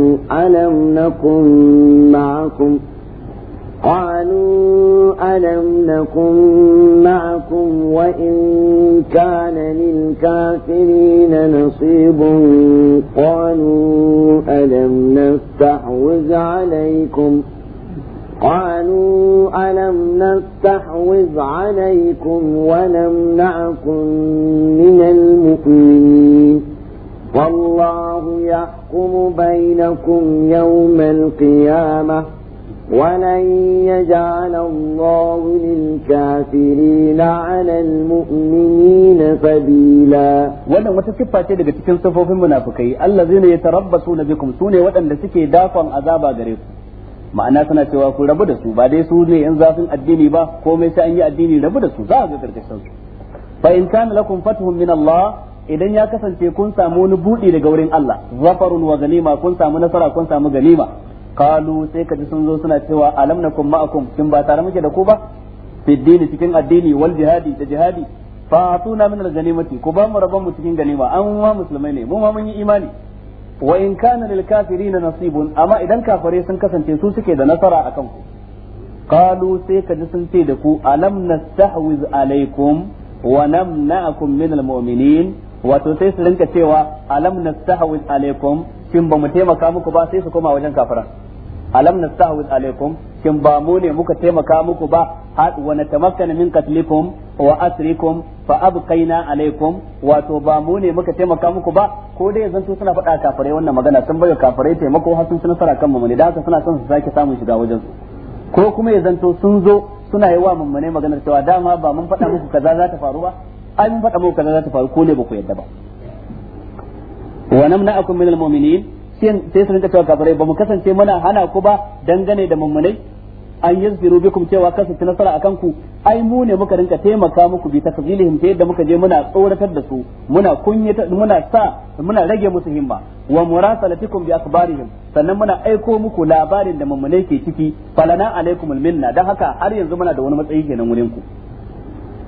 ألم نكن معكم ؟ قالوا ألم نكن معكم وإن كان للكافرين نصيب قالوا ألم نستحوذ عليكم قالوا ألم نستحوذ عليكم ونمنعكم من المؤمنين والله يحكم بينكم يوم القيامة ولن يجعل الله للكافرين على المؤمنين سبيلا wannan wata siffa ce daga cikin sifofin munafikai allazina yatarabbasuna bikum sune waɗanda suke dafan azaba gare ku ma'ana suna cewa ku rabu da su ba dai su ne yan zafin addini ba komai sai an yi addini rabu da su za a ga karkashin su fa in kana lakum fathun min Allah idan ya kasance kun samu wani budi daga wurin Allah zafarun wa ganima kun samu nasara kun samu ganima qalu sai kaji sun zo suna cewa alam nakum ma'akum kin ba tare muke da ku ba fi dini cikin addini wal jihadi da jihadi fa atuna min al ganimati ku ba mu rabon mu cikin ganima an ma musulmai ne mu ma mun yi imani wa in kana lil kafirin nasibun amma idan kafare sun kasance su suke da nasara akan ku qalu sai kaji sun ce da ku alam nastahwiz alaikum wa namna'akum min al mu'minin wato sai su rinka cewa alam nastahwiz alaikum shin ba mu taimaka muku ba sai su koma wajen kafiran alam nastahwiz alaikum shin ba mu ne muka taimaka muku ba had wa natamakkana min qatlikum wa asrikum fa abqaina alaikum wato ba mu ne muka taimaka muku ba ko dai yanzu suna faɗa kafirai wannan magana sun bar kafirai taimako har sun ci nasara kan mu ne da haka suna son su sake samu shiga wajen su ko kuma ya zanto sun zo suna yi wa mummune maganar cewa dama ba mun faɗa muku kaza za ta faru ba ai mun faɗa muku kaza za ta faru ko ne ba ku yadda ba wa namna'akum minal mu'minin sai su rinka cewa ba mu kasance muna hana ku ba dangane da mummunai an yazfiru bikum cewa kasu ci nasara akan ku ai mu ne muka rinka taimaka muku bi takzilihim ta yadda muka je muna tsoratar da su muna kunyata muna sa muna rage musu himma wa murasalatikum bi akbarihim sannan muna aiko muku labarin da mumunai ke ciki falana alaikumul minna dan haka har yanzu muna da wani matsayi kenan wurin ku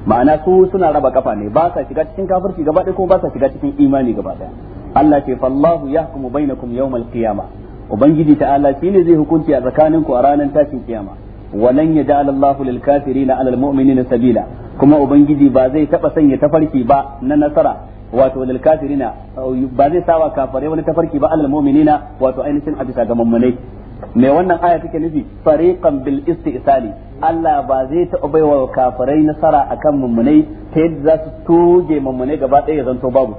ma'ana su suna raba kafa ne ba sa shiga cikin kafirci gaba ɗaya kuma ba sa shiga cikin imani gaba ɗaya Allah ce fallahu yahkumu bainakum yawmal qiyamah ubangiji ta'ala shine zai hukunci a tsakaninku a ranar tashin kiyama walan yaj'al Allahu lil kafirina 'alal mu'minina sabila kuma ubangiji ba zai taba sanya tafarki ba na nasara wato lil kafirina ba zai sawa kafare wani tafarki ba 'alal mu'minina wato ainihin a bisa ga mummunai me wannan aya take nufi fariqan bil isti'sali Allah ba zai taɓa baiwa kafirai nasara akan mummunai ta yadda za su toge mummunai gaba ɗaya ya zanto babu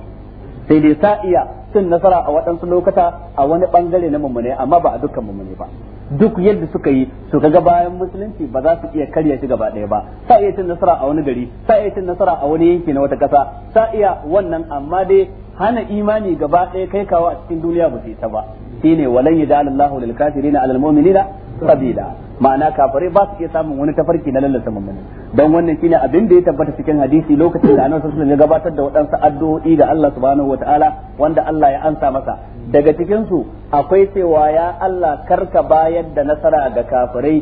sai dai sa iya cin nasara a waɗansu lokata a wani ɓangare na mummune amma ba a dukkan mummune ba duk yadda suka yi su ga bayan musulunci ba za su iya karya shi gaba ɗaya ba sa iya cin nasara a wani gari sa iya cin nasara a wani yanki na wata ƙasa sa iya wannan amma dai hana imani gaba ɗaya kai kawo a cikin duniya ba su yi ta ba shine walan yaj'alallahu lil kafirina alal mu'minina sabila ma'ana kafirai ba su iya samun wani tafarki na lallasa mummuni don wannan shine abin da ya tabbata cikin hadisi lokacin da annabi sallallahu ya gabatar da waɗansu addu'o'i ga Allah subhanahu wataala wanda Allah ya ansa masa daga cikin su akwai cewa ya Allah karka bayar da nasara ga kafirai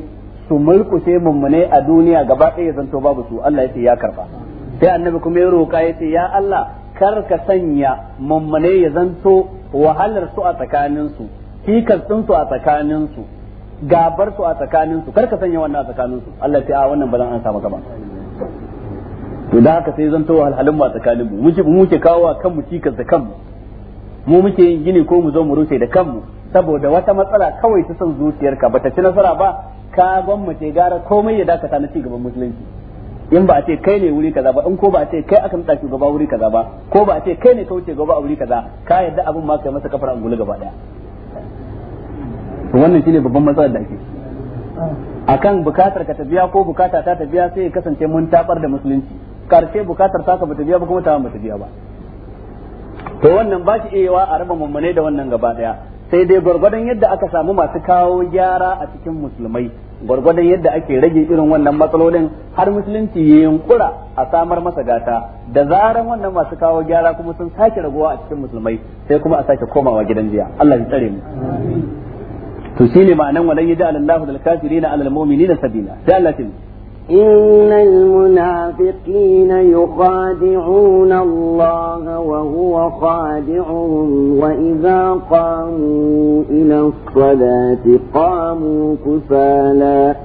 su mulkushe mummune a duniya gaba ɗaya zanto babu su Allah ya ce ya karba sai annabi kuma ya roƙa ya ce ya Allah karka sanya mummune ya zanto wahalar su a tsakaninsu su su a tsakanin su gabar su a tsakanin su karka sanya wannan a tsakanin su Allah sai a wannan ba zan an samu gaba to da haka sai zan zanto halhalin mu a tsakanin mu muke mu muke kawo a kanmu cikas da kanmu mu muke yin gini ko mu zo mu rushe da kanmu saboda wata matsala kawai ta son zuciyarka bata ci nasara ba ka gwammace gara komai ya dakata na cigaban musulunci in ba a ce kai ne wuri kaza ba in ko ba a ce kai aka nutsa shugaba wuri kaza ba ko ba a ce kai ne kauce gaba a wuri kaza ka yadda abin ma kai masa kafar angulu gaba daya to wannan shine babban matsalar da ake akan bukatar ka tafiya ko bukata ta tafiya sai ya kasance mun tabar da musulunci karshe bukatar ka bata biya ba kuma ta bata biya ba to wannan ba shi iya a raba mummune da wannan gaba daya sai dai gwargwadon yadda aka samu masu kawo gyara a cikin musulmai gwargwadon yadda ake rage irin wannan matsalolin har musulunci ya yunkura a samar masa gata da zaran wannan masu kawo gyara kuma sun sake raguwa a cikin musulmai sai kuma a sake komawa gidan jiya Allah ya tsare mu to shine ma'anan walan yaj'al Allahu dal kafirina 'ala al mu'minina sabila da Allah ta إن المنافقين يخادعون الله وهو خادعهم وإذا قاموا إلى الصلاة قاموا كسالا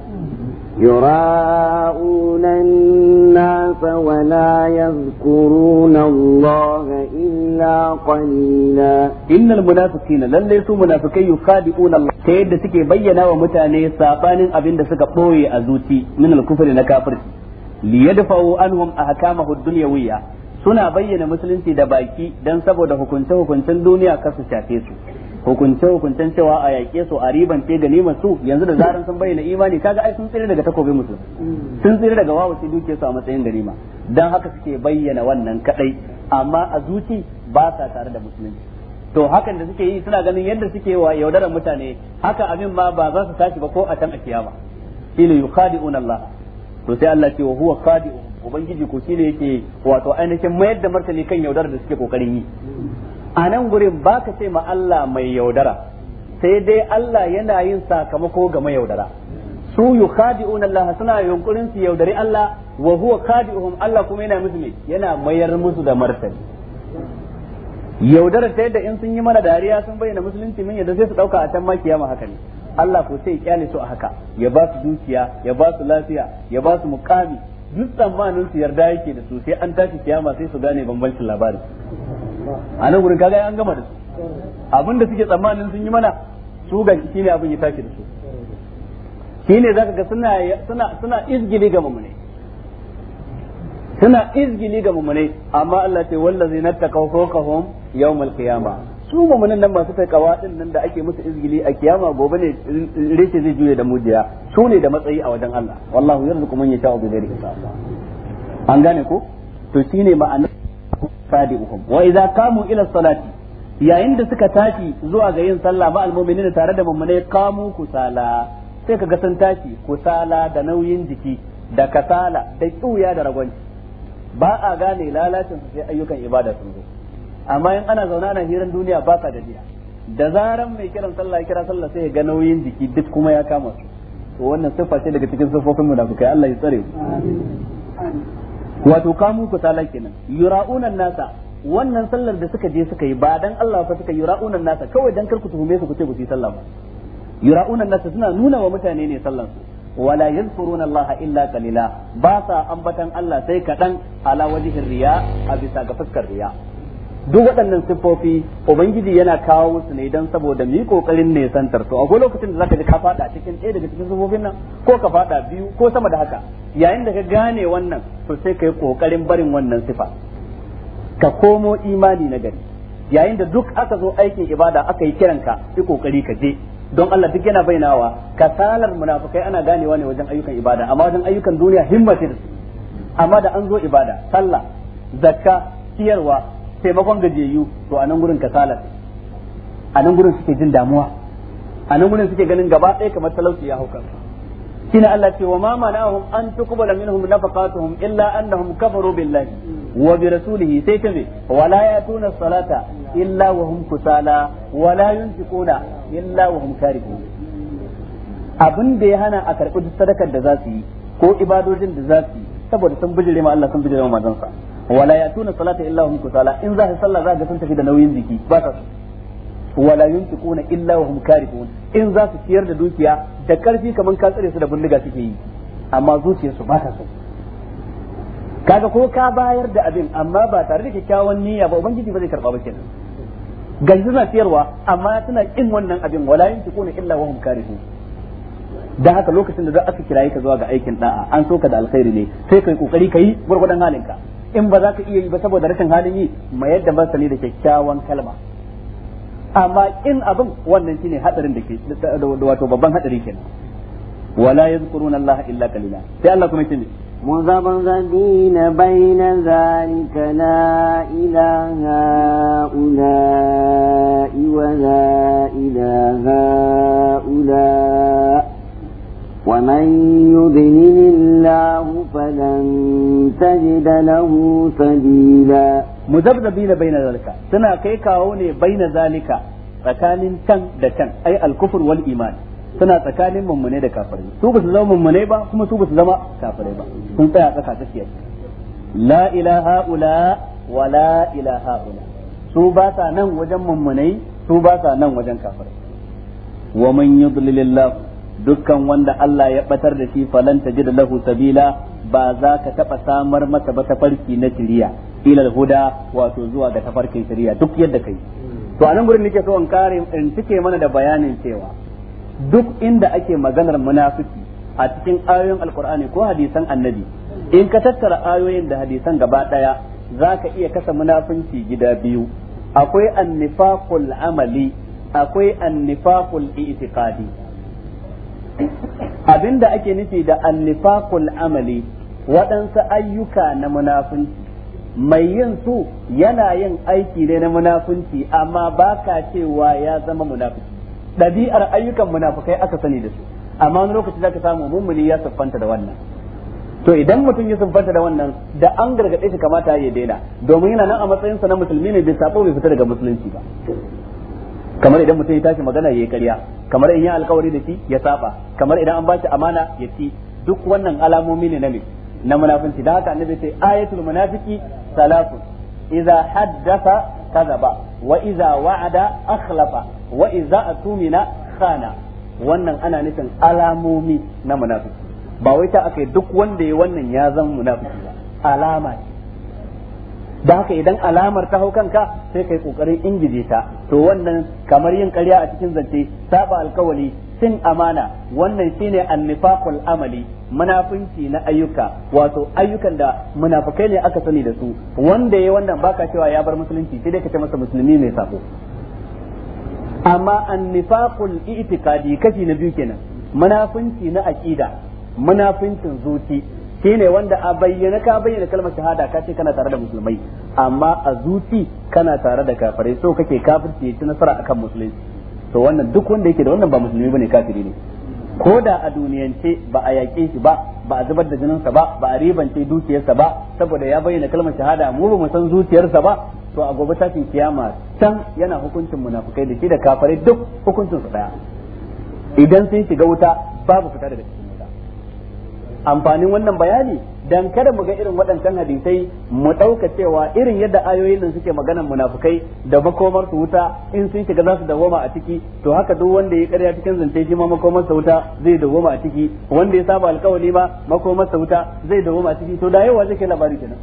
يراءون الناس ولا يذكرون الله إلا قليلا إن المنافقين لن ليسوا منافقين يخادعون الله سيد سكي بينا ومتاني سابان أبين دسك بوي أزوتي من الكفر لكافر ليدفعوا أنهم أحكامه الدنيوية suna bayyana musulunci da baki don saboda hukunce-hukuncen duniya kasu shafe su hukunce hukuncen cewa a yaƙe su a riban ce neman su yanzu da zaran sun bayyana imani kaga ai sun tsira daga takobin musulun. sun tsira daga wawa sai duke su a matsayin ganima dan haka suke bayyana wannan kadai amma a zuci ba sa tare da musulunci to hakan da suke yi suna ganin yadda suke wa yaudarar mutane haka abin ma ba za su tashi ba ko a can a kiyama shine yukhadi'un Allah to sai Allah ce wa huwa khadi'u ubangiji ko shine yake wato ainihin mayar da martani kan yaudarar da suke kokarin yi a nan gurin ba ka ce ma Allah mai yaudara sai dai Allah yana yin sakamako ga mai yaudara su yukhadi'una Allah suna yunkurin su yaudari Allah wa huwa khadi'uhum Allah kuma yana musu ne yana mayar musu da martani yaudara ta yadda in sun yi mana dariya sun bayyana musulunci min yadda sai su dauka a can ma kiyama haka ne Allah ko sai ya kyale su a haka ya ba su dukiya ya ba su lafiya ya ba su mukami duk tsammanin su yarda yake da su sai an tashi kiyama sai su gane bambancin labari a nan gurin kaga an gama da su abinda suke tsammanin sun yi mana su ga shi ne abin ya tashi da su shi ne ka ga suna suna suna izgili ga mamune suna izgili ga mamune amma Allah ce wallazi nattaqaw fawqahum yawmal qiyamah su mumunan nan masu takawa din nan da ake musu izgili a kiyama gobe ne rike zai juye da mujiya su ne da matsayi a wajen Allah wallahu yarzuqu man yasha'u bi ghairi hisab an gane ko to shine ma'ana sadiquhum wa idza qamu ila salati yayin da suka tashi zuwa ga yin sallah ba almu'minina tare da mummune qamu kusala sai kaga sun tashi kusala da nauyin jiki da kasala da tsuya da ragwanci ba a gane lalacin su sai ayyukan ibada sun zo amma in ana zaune ana hirar duniya ba ka gajiya da zaran mai kiran sallah kira sallah sai ya ga nauyin jiki duk kuma ya kama su to wannan siffa ce daga cikin siffofin munafikai Allah ya tsare mu wato kamu ku tala kenan yura'unan nasa wannan sallar da suka je suka yi ba dan Allah fa suka yura'unan nasa kawai dan kar ku tuhume su ku ce ku yi sallah ba yura'unan nasa suna nuna wa mutane ne sallan su wala yadhkuruna Allah illa qalila ba sa ambatan Allah sai kadan ala wajhin riya a bisa ga fuskar riya duk waɗannan siffofi ubangiji yana kawo su ne don saboda mi kokarin ne santar to akwai lokacin da zaka ji ka fada cikin ɗaya daga cikin siffofin nan ko ka fada biyu ko sama da haka yayin da ka gane wannan to sai ka yi kokarin barin wannan sifa ka komo imani na gari yayin da duk aka zo aikin ibada aka yi ka yi kokari ka je don Allah duk yana bayyanawa kasalar munafikai ana ganewa ne wajen ayyukan ibada amma wajen ayyukan duniya himmatin amma da an zo ibada sallah zakka ciyarwa taimakon gajiyayyu to a nan gurin kasala a nan gurin suke jin damuwa a nan gurin suke ganin gaba ɗaya kamar talauci ya hauka kina Allah ce wa ma mana'ahum an tuqbala minhum nafaqatuhum illa annahum kafaru billahi wa bi rasulihi sai kace wala yatuna salata illa wa hum kusala wala yunfiquna illa wa hum karihun abin da ya hana a karɓi duk sadakar da za su yi ko ibadojin da za su yi saboda sun bijire ma Allah sun bijire ma manzon sa wala yatuna salata illa hum kusala in za su sallah za ga sun tafi da nauyin jiki ba ta wala yunfiquna illa wa hum karihun in za su ciyar da dukiya da karfi kaman ka tsare su da bindiga suke yi amma zuciyarsu ba ta so kaga ko ka bayar da abin amma ba tare da kyakkyawan niyya ba ubangiji ba zai karba ba kenan gashi suna siyarwa amma suna kin wannan abin wala yunfiquna illa wa hum karihun da haka lokacin da za aka kiraye ka zuwa ga aikin da'a an so ka da alkhairi ne sai kai kokari kai gurgurdan halinka in ba za ka iya yi ba saboda rashin halin yi mayar da martani da kyakkyawan kalma amma in abin wannan shine hadarin da ke wato babban hadari kenan wala yadhkuruna Allah illa qalila sai Allah kuma yace مذبذبين بين ذلك لا illa هؤلاء ولا إلى ha'ula. ومن يضلل الله فلن تجد له سبيلا مذبذبين بين ذلك سنا كي كاوني بين ذلك tsakanin can da can ai alkufur wal iman suna tsakanin mummune da kafirai su ba su zama mummune ba kuma su ba su zama kafirai ba sun tsaya tsaka tsakiya la ilaha ula wa la ilaha ula su ba sa nan wajen mummunai su ba sa nan wajen kafirai wa man yudlilillahu dukkan wanda Allah ya batar da shi falan jida lahu sabila ba za ka taba samar masa ba tafarki na shiriya ilal huda wato zuwa ga tafarkin shiriya duk yadda kai to anan gurin nake so in kare in cike mana da bayanin cewa duk inda ake maganar munafiki a cikin ayoyin alkur'ani ko hadisan annabi in ka tattara ayoyin da hadisan gaba daya zaka iya kasa munafinci gida biyu akwai annifaqul amali akwai annifaqul i'tiqadi abinda ake nufi da annifaqul amali waɗansu ayyuka na munafunci mai yin su yana yin aiki ne na munafunci amma ba ka cewa ya zama munafiki ɗabi'ar ayyukan munafukai aka sani da su amma wani lokaci zaka samu mummuni ya siffanta da wannan to idan mutum ya siffanta da wannan da an gargaɗe shi kamata ya daina domin yana nan a matsayinsa na musulmi ne bai sabo bai fita daga musulunci ba kamar idan mutum ya tashi magana ya yi karya kamar in yi alkawari da shi ya saba kamar idan an ba shi amana ya ci duk wannan alamomi ne na me na munafinci da haka annabi sai ayatul munafiki salafu idza haddatha kadhaba wa idza wa'ada akhlafa wa idza atumina khana wannan ana nufin alamomi na munafiki ba wai ta akai duk wanda ya wannan ya zama munafiki ba alama ce da haka idan alamar ta hau kanka sai kai kokarin ingije ta to wannan kamar yin ƙarya a cikin zance saba alkawali sin amana wannan shine annifaqul amali munafinci na ayyuka wato ayyukan da munafikai ne aka sani da su wanda yayi wannan baka cewa ya bar musulunci sai dai ka ce masa musulmi mai sako amma annifaqul i'tiqadi kashi na biyu kenan munafinci na aqida munafincin zuci ne wanda a bayyana ka bayyana kalmar shahada ka ce kana tare da musulmai amma a zuci kana tare da kafirai so kake kafirci ya ci nasara akan musulunci to wannan duk wanda yake da wannan ba musulmi bane kafiri ne ko da a duniyance ba a yaƙe shi ba ba a zubar da jininsa ba ba a ribance dukiyarsa ba saboda ya bayyana kalmar shahada mu ba mu san zuciyarsa ba to a gobe tashin kiyama can yana hukuncin munafukai da shi da kafirai duk hukuncin su daya idan sun shiga wuta babu fita daga ciki amfanin wannan bayani dan kada mu ga irin waɗancan hadisai mu ɗauka cewa irin yadda ayoyin nan suke maganan munafukai da makomar su wuta in sun shiga za su dawoma a ciki to haka duk wanda ya karya cikin zance shi ma makomar sa wuta zai dawoma a ciki wanda ya saba alƙawari ma makomar sa wuta zai dawoma a ciki to da yawa zai kai labari kenan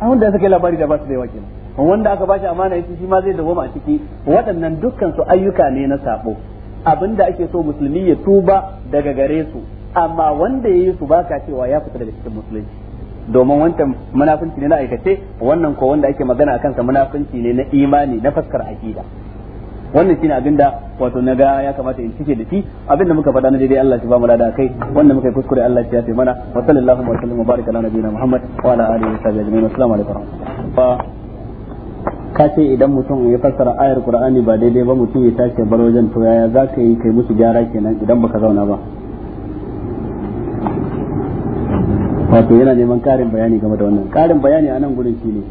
a wanda suka kai labari da ba su da yawa kenan wanda aka ba shi amana yace shi ma zai dawoma a ciki waɗannan dukkan su ayyuka ne na sabo abinda ake so musulmi ya tuba daga gare su amma wanda yayi su ka cewa ya fita daga cikin musulunci domin wancan munafunci ne na aikace wannan ko wanda ake magana a kansa munafunci ne na imani na faskar aqida wannan shine abinda wato na ga ya kamata in cike da shi abinda muka faɗa na daidai Allah shi ba mu lada kai wanda muka yi kuskure Allah shi ya fi mana wa sallallahu wa sallam wa baraka ala nabiyina Muhammad wa ala alihi wa sahbihi ajma'in assalamu alaikum ka ce idan mutum ya fassara ayar Qur'ani ba daidai ba mutum ya tashi bar wajen to yaya zaka yi kai musu gyara kenan idan baka zauna ba wato yana neman karin bayani game da wannan karin bayani a nan gurin shine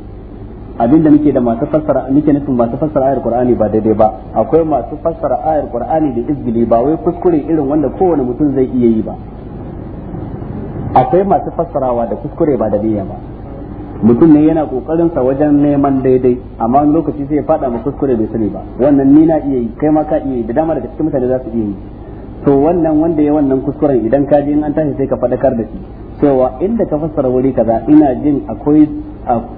abinda muke da masu fassara muke nufin masu fassara ayar qur'ani ba daidai ba akwai masu fassara ayar qur'ani da izgili ba wai kuskure irin wanda kowane mutum zai iya yi ba akwai masu fassarawa da kuskure ba da niyya ba mutum ne yana kokarin sa wajen neman daidai amma lokaci sai ya fada ma kuskure bai sani ba wannan ni na iya yi kai ma ka iya yi da dama daga cikin mutane za su iya yi to wannan wanda ya wannan kuskuren idan ka je in an tashi sai ka fadakar da shi cewa inda ka fassara wuri kaza ina jin akwai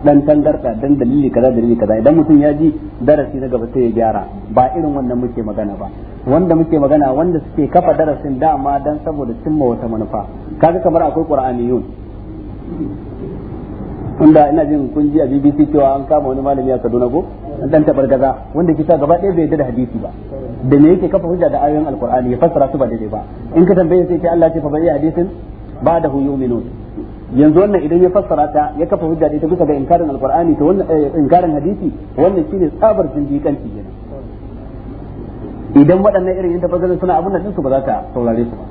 dan tangarda dan dalili kaza dalili kaza idan mutum ya ji darasi na gaba sai ya gyara ba irin wannan muke magana ba wanda muke magana wanda suke kafa darasin dama dan saboda cimma wata manufa kaga kamar akwai qur'aniyun inda ina jin kun ji a BBC cewa an kama wani malami a Kaduna go dan tabar gaza wanda kisa gaba ɗaya bai da hadisi ba da me yake kafa hujja da ayoyin alqur'ani ya fassara su ba daidai ba in ka tambaye sai ke Allah ce fa bai hadisin ba'dahu yu'minun yanzu wannan idan ya fassara ta ya kafa hujja ta bisa ga inkarin alqur'ani to wannan eh, inkarin hadisi wannan shine tsabar jindikanci kenan idan wadannan irin tafsirin suna abun nan su ba za ta saurare su ba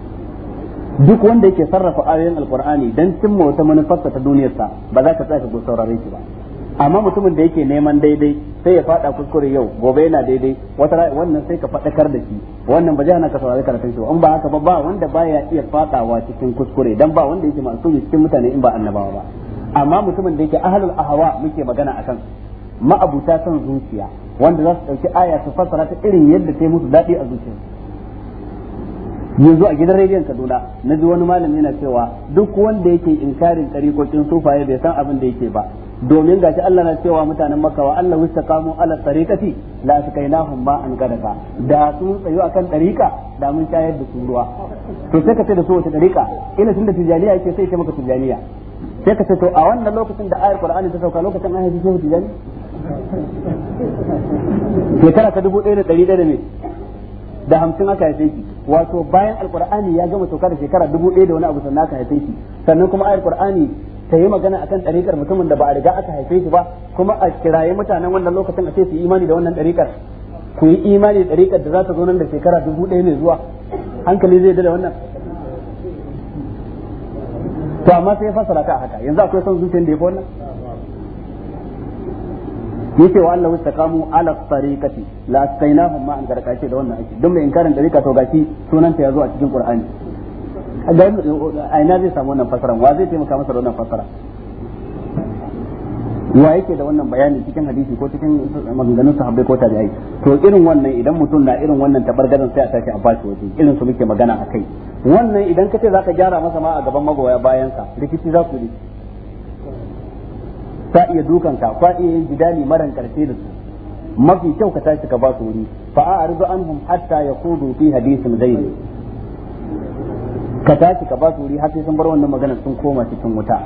duk wanda yake sarrafa ayoyin alqur'ani dan cimma wata manufarsa ta duniyarsa ba za ka tsaya ka saurare shi ba amma mutumin da yake neman daidai sai ya fada kuskure yau gobe yana daidai wata wannan sai ka fadakar da shi wannan ba zai na ka saurari karatun shi in ba haka ba ba wanda baya iya fadawa cikin kuskure dan ba wanda yake masu cikin mutane in ba annabawa ba amma mutumin da yake ahlul ahwa muke magana akan ma'abuta san zuciya wanda za su dauki aya su fassara ta irin yadda ta musu dadi a zuciya. yanzu a gidan rediyon Kaduna na ji wani malami yana cewa duk wanda yake inkarin tarikokin sufaye bai san abin da yake ba domin gashi Allah na cewa mutanen Makka wa Allah wastaqamu ala tariqati la sakainahum ma an gadaka da sun tsayo akan tariqa da mun shayar da su ruwa to sai ka ce da su wata tariqa ina tunda tijaniya yake sai ce maka tijaniya sai ka ce to a wannan lokacin da ayar Qur'ani ta sauka lokacin an haifi tijani shekara ta dubu ɗaya da ɗari ɗaya da ne da hamsin aka haife shi wato bayan alqur'ani ya gama sauka da shekara dubu ɗaya da wani abu sannan aka haife shi sannan kuma ayar qur'ani ta yi magana akan ɗariƙar mutumin da ba a riga aka haife shi ba kuma a kiraye mutanen wannan lokacin a ce su imani da wannan ɗariƙar ku yi imani da ɗariƙar da za ta zo nan da shekara dubu ɗaya ne zuwa hankali zai da wannan to amma sai ya fasara ka haka yanzu akwai son zuciyar da ya fi wannan yace wa Allah takamu ala tsarikati la na ma an garkace da wannan ake don mai inkarin dariqa to gashi sunanta ya zo a cikin Qur'ani ga a ina zai samu wannan fasara wa zai taimaka masa wannan fasara wa yake da wannan bayani cikin hadisi ko cikin maganganun sahabbai ko tabi'ai to irin wannan idan mutum na irin wannan tabargaran sai a tashi a bashi waje irin su muke magana akai wannan idan kace zaka gyara masa ma a gaban magoya bayansa rikici za ku yi ta iya dukan ka ka iya yin jidali maran karshe da su mafi kyau ka tashi ka ba su wuri fa a'ridu anhum hatta yaqudu fi hadithin ghairi ka tashi ka ba su wuri har sai sun bar wannan maganar sun koma cikin wuta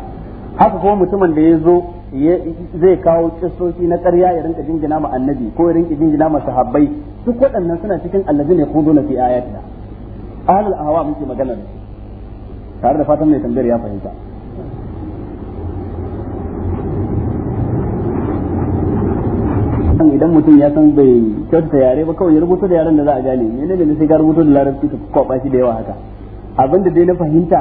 haka kuma mutumin da ya zo zai kawo kisoshi na ƙarya ya rinka jingina ma annabi ko ya rinka jingina ma sahabbai duk waɗannan suna cikin allazina yaquduna fi ayatina ahlul ahawa muke magana da tare da fatan mai tambayar ya fahimta idan mutum ya san bai kyautata yare ba kawai ya rubuta da yaren da za a gane ne ne sai ka rubuta da larabci ka kwaba shi da yawa haka abin da dai na fahimta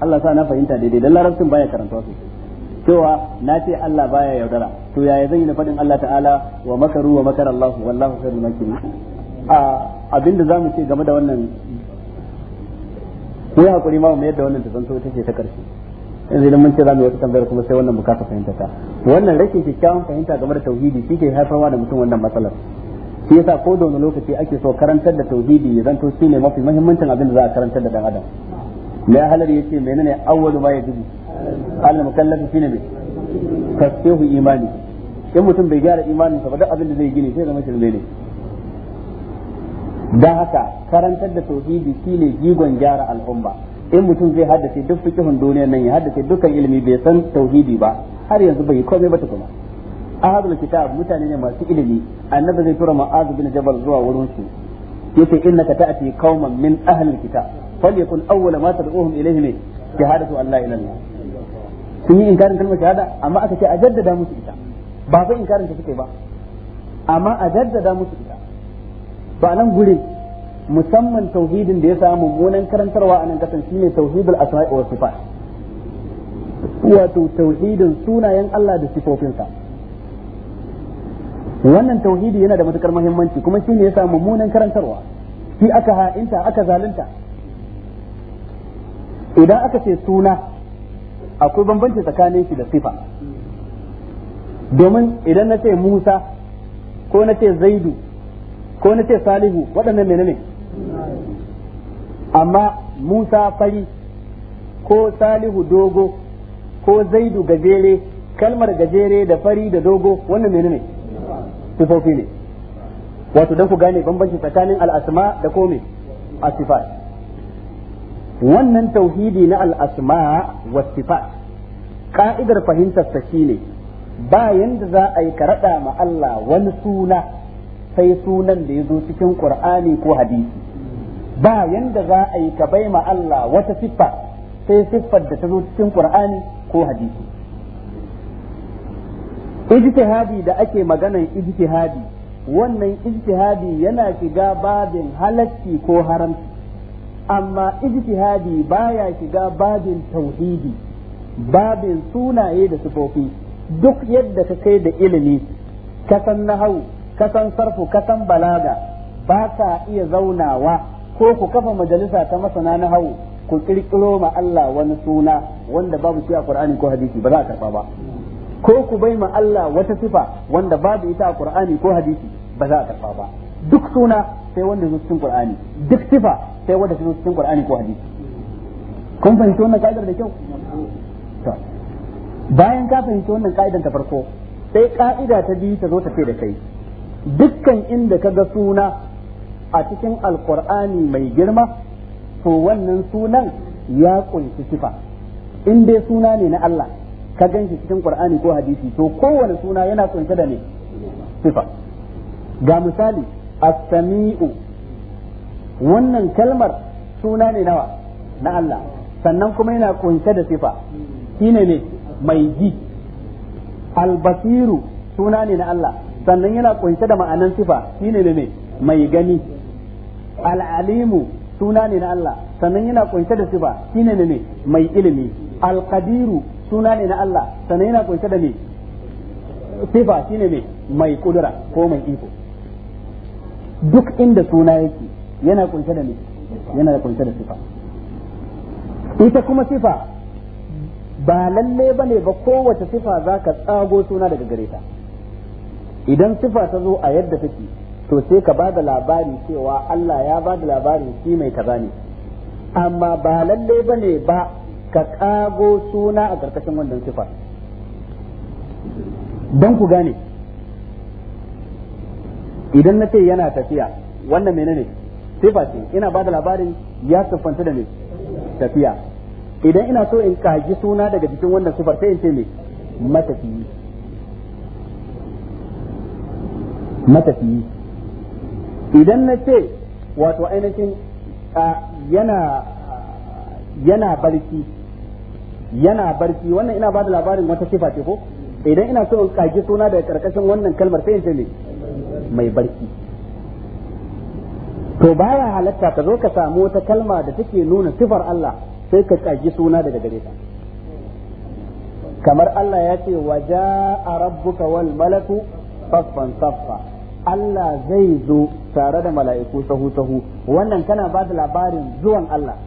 Allah sa na fahimta daidai dan larabcin baya karantuwa sosai cewa na ce Allah baya yaudara to yaya zan yi na fadin Allah ta'ala wa makaru wa makar Allah wallahu khairul makirin a abin da zamu ce game da wannan ko ya hakuri ma mu yadda wannan ta zanto take ta karshe yanzu idan mun ce zamu yi wata tambayar kuma sai wannan bukata fahimta ta wannan rashin kikkiawan fahimta game da tauhidi shi ke haifarwa da mutum wannan matsalar shi yasa ko da wani lokaci ake so karantar da tauhidi ya zanto shine mafi muhimmancin abin da za a karantar da dan adam mai halar yace menene awwalu ma yajibu al mukallafi shine me tasbihu imani in mutum bai gyara imaninsa ba duk abin da zai gini sai zama shirme ne dan haka karantar da tauhidi shine jigon gyara al'umma in mutum zai haddace duk fikihun duniyar nan ya haddace dukkan ilimi bai san tauhidi ba har yanzu bai komai ba kuma. ahlul kitab mutane ne masu ilimi annabi zai tura ma'az bin jabal zuwa wurin su yace innaka ta'ti qauman min ahlil kitab falyakun awwala ma tad'uhum ilayhi shahadatu an la allah illallah sun yi inkarin kalmar shahada amma aka ce a jaddada musu ita ba fa inkarin ta suke ba amma a jaddada musu ita ba nan gurin musamman tauhidin da ya samu mummunan karantarwa a nan kasan shine tauhidul asma'i wa sifat wato tauhidin sunayen Allah da sifofinsa wannan tauhidi yana da matukar muhimmanci kuma shi ne ya samu mummunan karantarwa shi aka ha'inta aka zalunta idan aka ce suna akwai bambanci tsakanin shi da sifa domin idan na ce musa ko na ce zaidu ko na ce salihu waɗannan ne? amma musa fari ko salihu dogo ko zaidu gajere kalmar gajere da fari da dogo wannan menene ne sifofi ne wato dan ku gane bambanci tsakanin al da kome a sifat wannan tauhidi na al'asma wa sifat ka'idar fahimtar ta ne ba da za a yi karada ma Allah wani suna sai sunan da ya zo cikin ƙur'ani ko hadisi ba yanda za a yi ka bai ma Allah wata siffa sai siffar da ta zo cikin ƙur'ani ko hadisi ijtihadi da ake maganan ijtihadi wannan ijtihadi yana shiga babin halacci ko haramci amma ijtihadi baya shiga babin tauhidi babin sunaye da sifofi duk yadda ka kai da ilimi ka san nahau ka san sarfu ka san balaga ba ka iya zaunawa ko ku kafa majalisa ta masana nahau ku kirkiro ma Allah wani suna wanda babu shi a Qur'ani ko hadisi ba za a karba ba ko ku bai ma Allah wata sifa wanda babu ita a Qur'ani ko hadisi ba za a karba ba duk suna sai wanda zo cikin Qur'ani duk sifa sai wanda zo cikin Qur'ani ko hadisi kun fahimci wannan ka'idar da kyau to bayan ka fahimci wannan ka'idar ta farko sai ka'ida ta biyu ta zo ta ce da kai dukkan inda ka ga suna a cikin alkur'ani mai girma to wannan sunan ya kunshi sifa in dai suna ne na Allah ka gan shi cikin qur'ani ko hadisi to kowane suna yana kunshe da ne sifa ga misali as-sami'u wannan kalmar suna ne nawa na Allah sannan kuma yana kunshe da sifa shine ne mai ji al-basiru suna ne na Allah sannan yana kunshe da ma'anan sifa shine ne mai gani al-alimu suna ne na Allah sannan yana kunshe da sifa shine ne mai ilimi al-qadiru suna ne na Allah sannan yana kunshe da me sifa shine me mai kudura ko mai iko duk inda suna yake yana kunshe da me yana kunshe da sifa ita kuma sifa ba lalle ba ne ba kowace sifa za ka tsago suna daga gare ta idan sifa ta zo a yadda take to sai ka ba da labari cewa Allah ya ba da labari shi mai kaza ne amma ba lalle bane ba ka kago suna a karkashin wannan sifa don ku gane idan na ce yana tafiya wannan menene sifa ce ina ba da labarin ya siffanta da ne tafiya idan ina so in kaji suna daga jikin wannan sifar sai in ce me matafiyi matafiyi idan na ce wato ainihin yana yana barci yana barci wannan ina bada labarin wata sifa ce ko idan ina so in kage suna daga karkashin wannan kalmar sai in ce mai barci to baya halatta ka zo ka samu wata kalma da take nuna sifar Allah sai ka kage suna daga gare ta kamar Allah ya ce waja'a rabbuka wal malaku saffan saffa Allah zai zo tare da mala'iku sahu sahu wannan kana ba da labarin zuwan Allah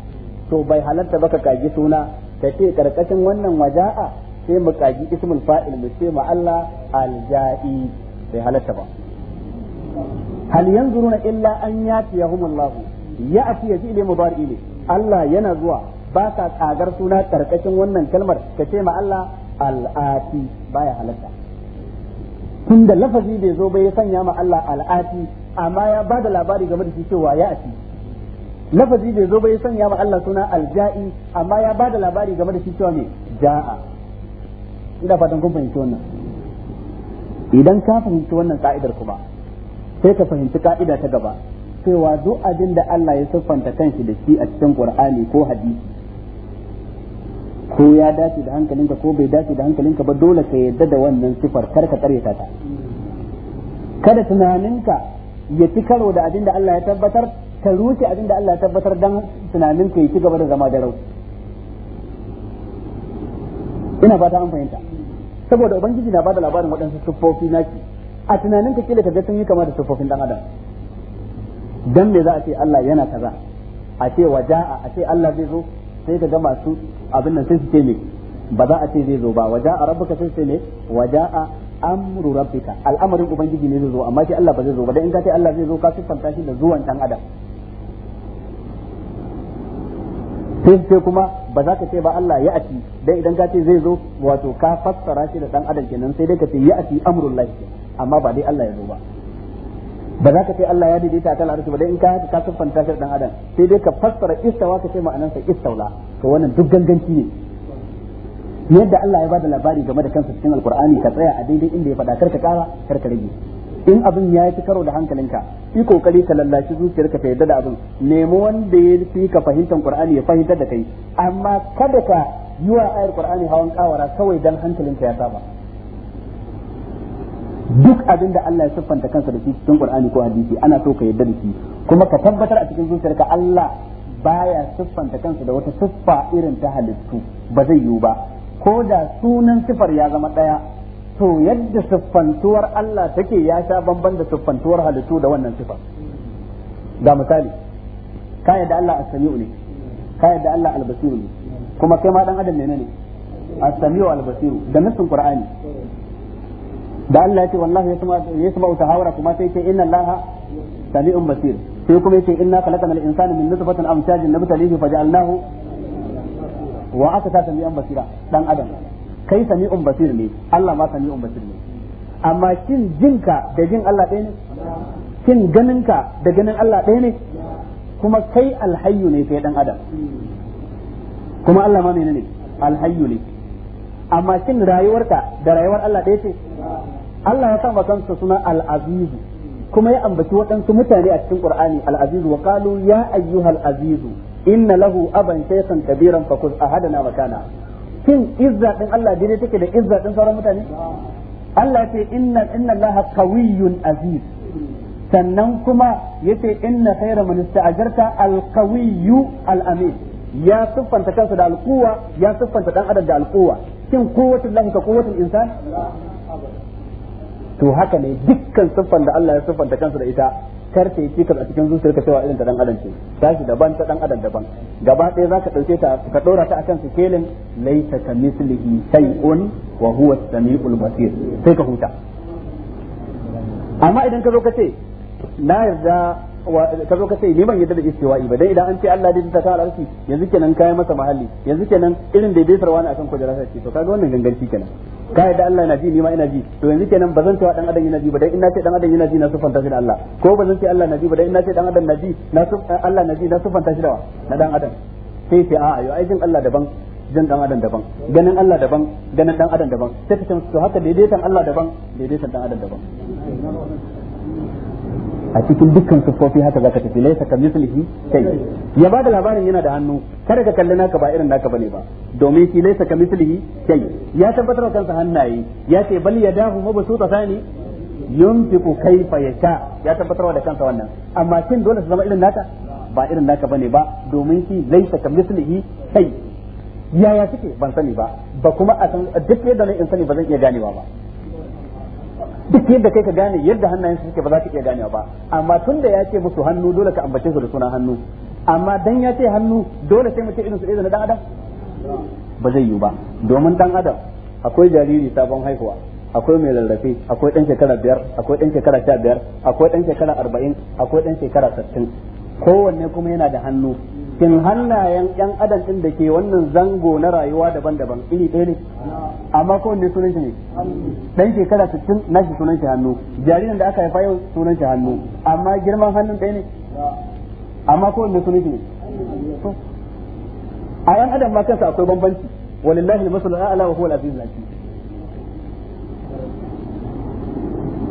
to bai halatta baka kage suna ce karkashin wannan waja'a sai mu kaji ismul fa'il mu ce ma Allah alja'i bai halatta ba hal yanzuruna illa an yatiyahumullahu ya'ti ya fi'li mudari ne Allah yana zuwa ba sa kagar suna karkashin wannan kalmar ka ce ma Allah al'ati baya halatta tunda lafazi bai zo bai sanya ma Allah al'ati amma ya bada labari game da shi cewa ya'ti lafazi bai zo ba ya sanya ma Allah suna alja'i amma ya bada labari game da shi cewa ne ja'a ina fatan kun fahimci wannan idan ka fahimci wannan ka'idar kuma sai ka fahimci ka'ida ta gaba cewa duk abin da Allah ya siffanta kanshi da shi a cikin Qur'ani ko hadisi ko ya dace da hankalinka ko bai dace da hankalinka ba dole ka yadda da wannan sifar kar ka karyata ta kada tunaninka ya fi karo da abin da Allah ya tabbatar ta ruce abin da Allah tabbatar dan tunanin yi ci gaba da zama da rau ina fata an fahimta saboda ubangiji na bada labarin waɗansu siffofi naki a tunanin ka kila ka ga sun yi kama da siffofin dan adam dan me za a ce Allah yana kaza a ce waja'a a ce Allah zai zo sai ka ga masu abin nan sai su ce me ba za a ce zai zo ba waja'a rabbuka sai su ce me waja'a amru rabbika al'amarin ubangiji ne zai zo amma shi Allah ba zai zo ba dan in ka ce Allah zai zo ka siffanta shi da zuwan dan adam sai sai kuma ba za ka ce ba Allah ya ati dai idan ka ce zai zo wato ka fassara shi da dan adam kenan sai dai ka ce ya ati amrullahi amma ba dai Allah ya zo ba ba za ka ce Allah ya daidaita ta arshi ba dai in ka haka ka siffanta shi dan adam sai dai ka fassara istawa ka ce ma'anar sa istaula to wannan duk ganganci ne yadda Allah ya bada labari game da kansa cikin alqur'ani ka tsaya a daidai inda ya faɗa karka kara ka rage in abin ya yi karo da hankalinka yi kokari ka lallashi zuciyarka ta yadda da abin nemo wanda ya fi ka fahimtar qur'ani ya fahimtar da kai amma kada ka yi wa ayar qur'ani hawan kawara kawai dan hankalinka ya saba duk abin da Allah ya siffanta kansa da shi cikin qur'ani ko hadisi ana so ka yadda da shi kuma ka tabbatar a cikin zuciyarka Allah baya siffanta kansa da wata siffa irin ta halittu ba zai yiwu ba ko da sunan sifar ya zama ɗaya. to yadda siffantuwar Allah take ya sha bamban da siffantuwar halittu da wannan sifa ga misali ka yadda Allah as-sami'u ne ka yadda Allah al-basiru ne kuma kai ma dan adam ne ne as-sami'u al-basiru da nassin qur'ani da Allah yace wallahi yasma'u tahawara kuma sai yace inna Allah sami'un basir sai kuma yace inna khalaqnal insana min nutfatin amshajin nabtalihi faj'alnahu wa aka ta sami'an basira dan adam kai sami'un basir ne Allah ma sami'un basir ne amma kin jinka da jin Allah ɗaya ne kin ganinka da ganin Allah ɗaya ne kuma kai alhayyu ne kai dan adam kuma Allah ma menene alhayyu ne amma kin rayuwarka da rayuwar Allah ɗaya ce Allah ya saba kansa suna al-aziz kuma ya ambaci waɗansu mutane a cikin Qur'ani al-aziz wa qalu ya ayyuhal aziz inna lahu aban shaykhan kabiran fakuz ahadana makana shin izza din Allah daidai take da izza din sauran mutane Allah ce inna inna Allah qawiyyun aziz sannan kuma yace inna khayra man ista'jarta al-qawiyyu al-amin ya siffanta kansa da alquwa ya siffanta dan adam da alquwa shin quwwatul lahi ka quwwatul insan to haka ne dukkan siffan da Allah ya siffanta kansa da ita karfe yi ka a cikin zuciyarka cewa irin ta dan adam ce tashi daban ta dan adam daban gaba ɗaya zaka dauke ta ka dora ta akan sikelin laita ka mislihi shay'un wa huwa as-sami'ul basir sai ka huta amma idan ka zo ka ce na yarda ka zo ka ce ni ban yadda da istiwa'i ba dai idan an ce Allah dai ta ta al'arshi yanzu kenan kai masa mahalli yanzu kenan irin da sarwa ne akan kujera sai to kaga wannan ganganci kenan ka yadda Allah yana ji ni ma ina ji to yanzu kenan ba zan wa dan adam yana ji ba dai ina ce dan adam yana ji na sufanta shi da Allah ko ba zan ce Allah na ji ba dai ina ce dan adam na ji na Allah na ji na sufanta shi da wa na dan adam sai sai a'a yo ai jin Allah daban jin dan adam daban ganin Allah daban ganin dan adam daban sai ka ce to haka daidaitan Allah daban daidaitan dan adam daban a cikin dukkan siffofi haka zaka tafi laisa ka mislihi kai ya bada labarin yana da hannu kada ka kalli naka ba irin naka bane ba domin shi laisa ka mislihi kai ya tabbatar kansa hannaye ya ce bal yadahu mabsuta tani yunfiqu kayfa yasha ya tabbatar da kansa wannan amma kin dole su zama irin naka ba irin naka bane ba domin shi laisa ka mislihi kai yaya kike ban sani ba ba kuma a san duk yadda ne in sani ba zan iya ganewa ba duk yadda kai ka gane yadda hannayen su suke ba za ka iya ganewa ba amma tun da ya ce musu hannu dole ka ambace su da suna hannu amma dan ya ce hannu dole sai mu irin su irin dan adam ba zai yiwu ba domin dan adam akwai jariri sabon haihuwa akwai mai rarrafe akwai dan shekara biyar akwai dan shekara sha biyar akwai dan shekara arba'in akwai dan shekara sittin kowanne kuma yana da hannu cikin hannayen yan adam ɗin da ke wannan zango na rayuwa daban-daban iri ɗaya ne amma ko ne sunan shi ne dan shekara 60 nashi sunan shi hannu jaririn da aka haifa yau sunan shi hannu amma girman hannun ɗaya ne amma ko ne sunan shi ne a yan adam ma kansa akwai bambanci walillahi al-masalu a'la wa huwa al-azizul hakim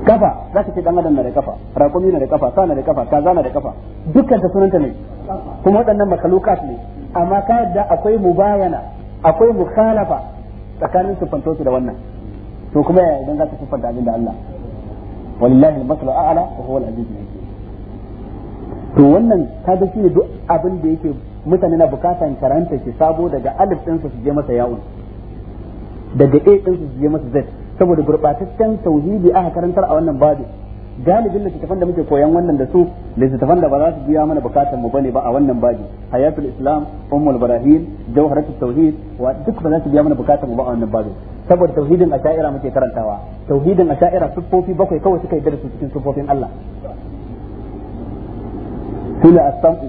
kafa za ka ce dan adam na da kafa rakumi na da kafa sa na da kafa kaza na da kafa dukkan ta sunanta ne kuma waɗannan makalukat ne amma ka yadda akwai mubayana akwai mukhalafa tsakanin siffantosu da wannan to kuma ya idan za ka siffanta abin da Allah walillahi al a'ala a'la wa huwa al-aziz to wannan ka ga shine duk abin da yake mutane na bukatan karanta shi sabo daga alif din su je masa ya'un daga a din su je masa z saboda gurbataccen tauhidi aka karantar a wannan babu galibin littattafan da muke koyan wannan da su littattafan da ba za su biya mana bukatan mu bane ba a wannan babi hayatul islam ummul barahin jawharatul tauhid wa duk ba za su biya mana bukatan mu ba a wannan babi saboda tauhidin asha'ira muke karantawa tauhidin asha'ira sufofi bakwai kawai suka yi su cikin sufofin Allah sune as-sam'u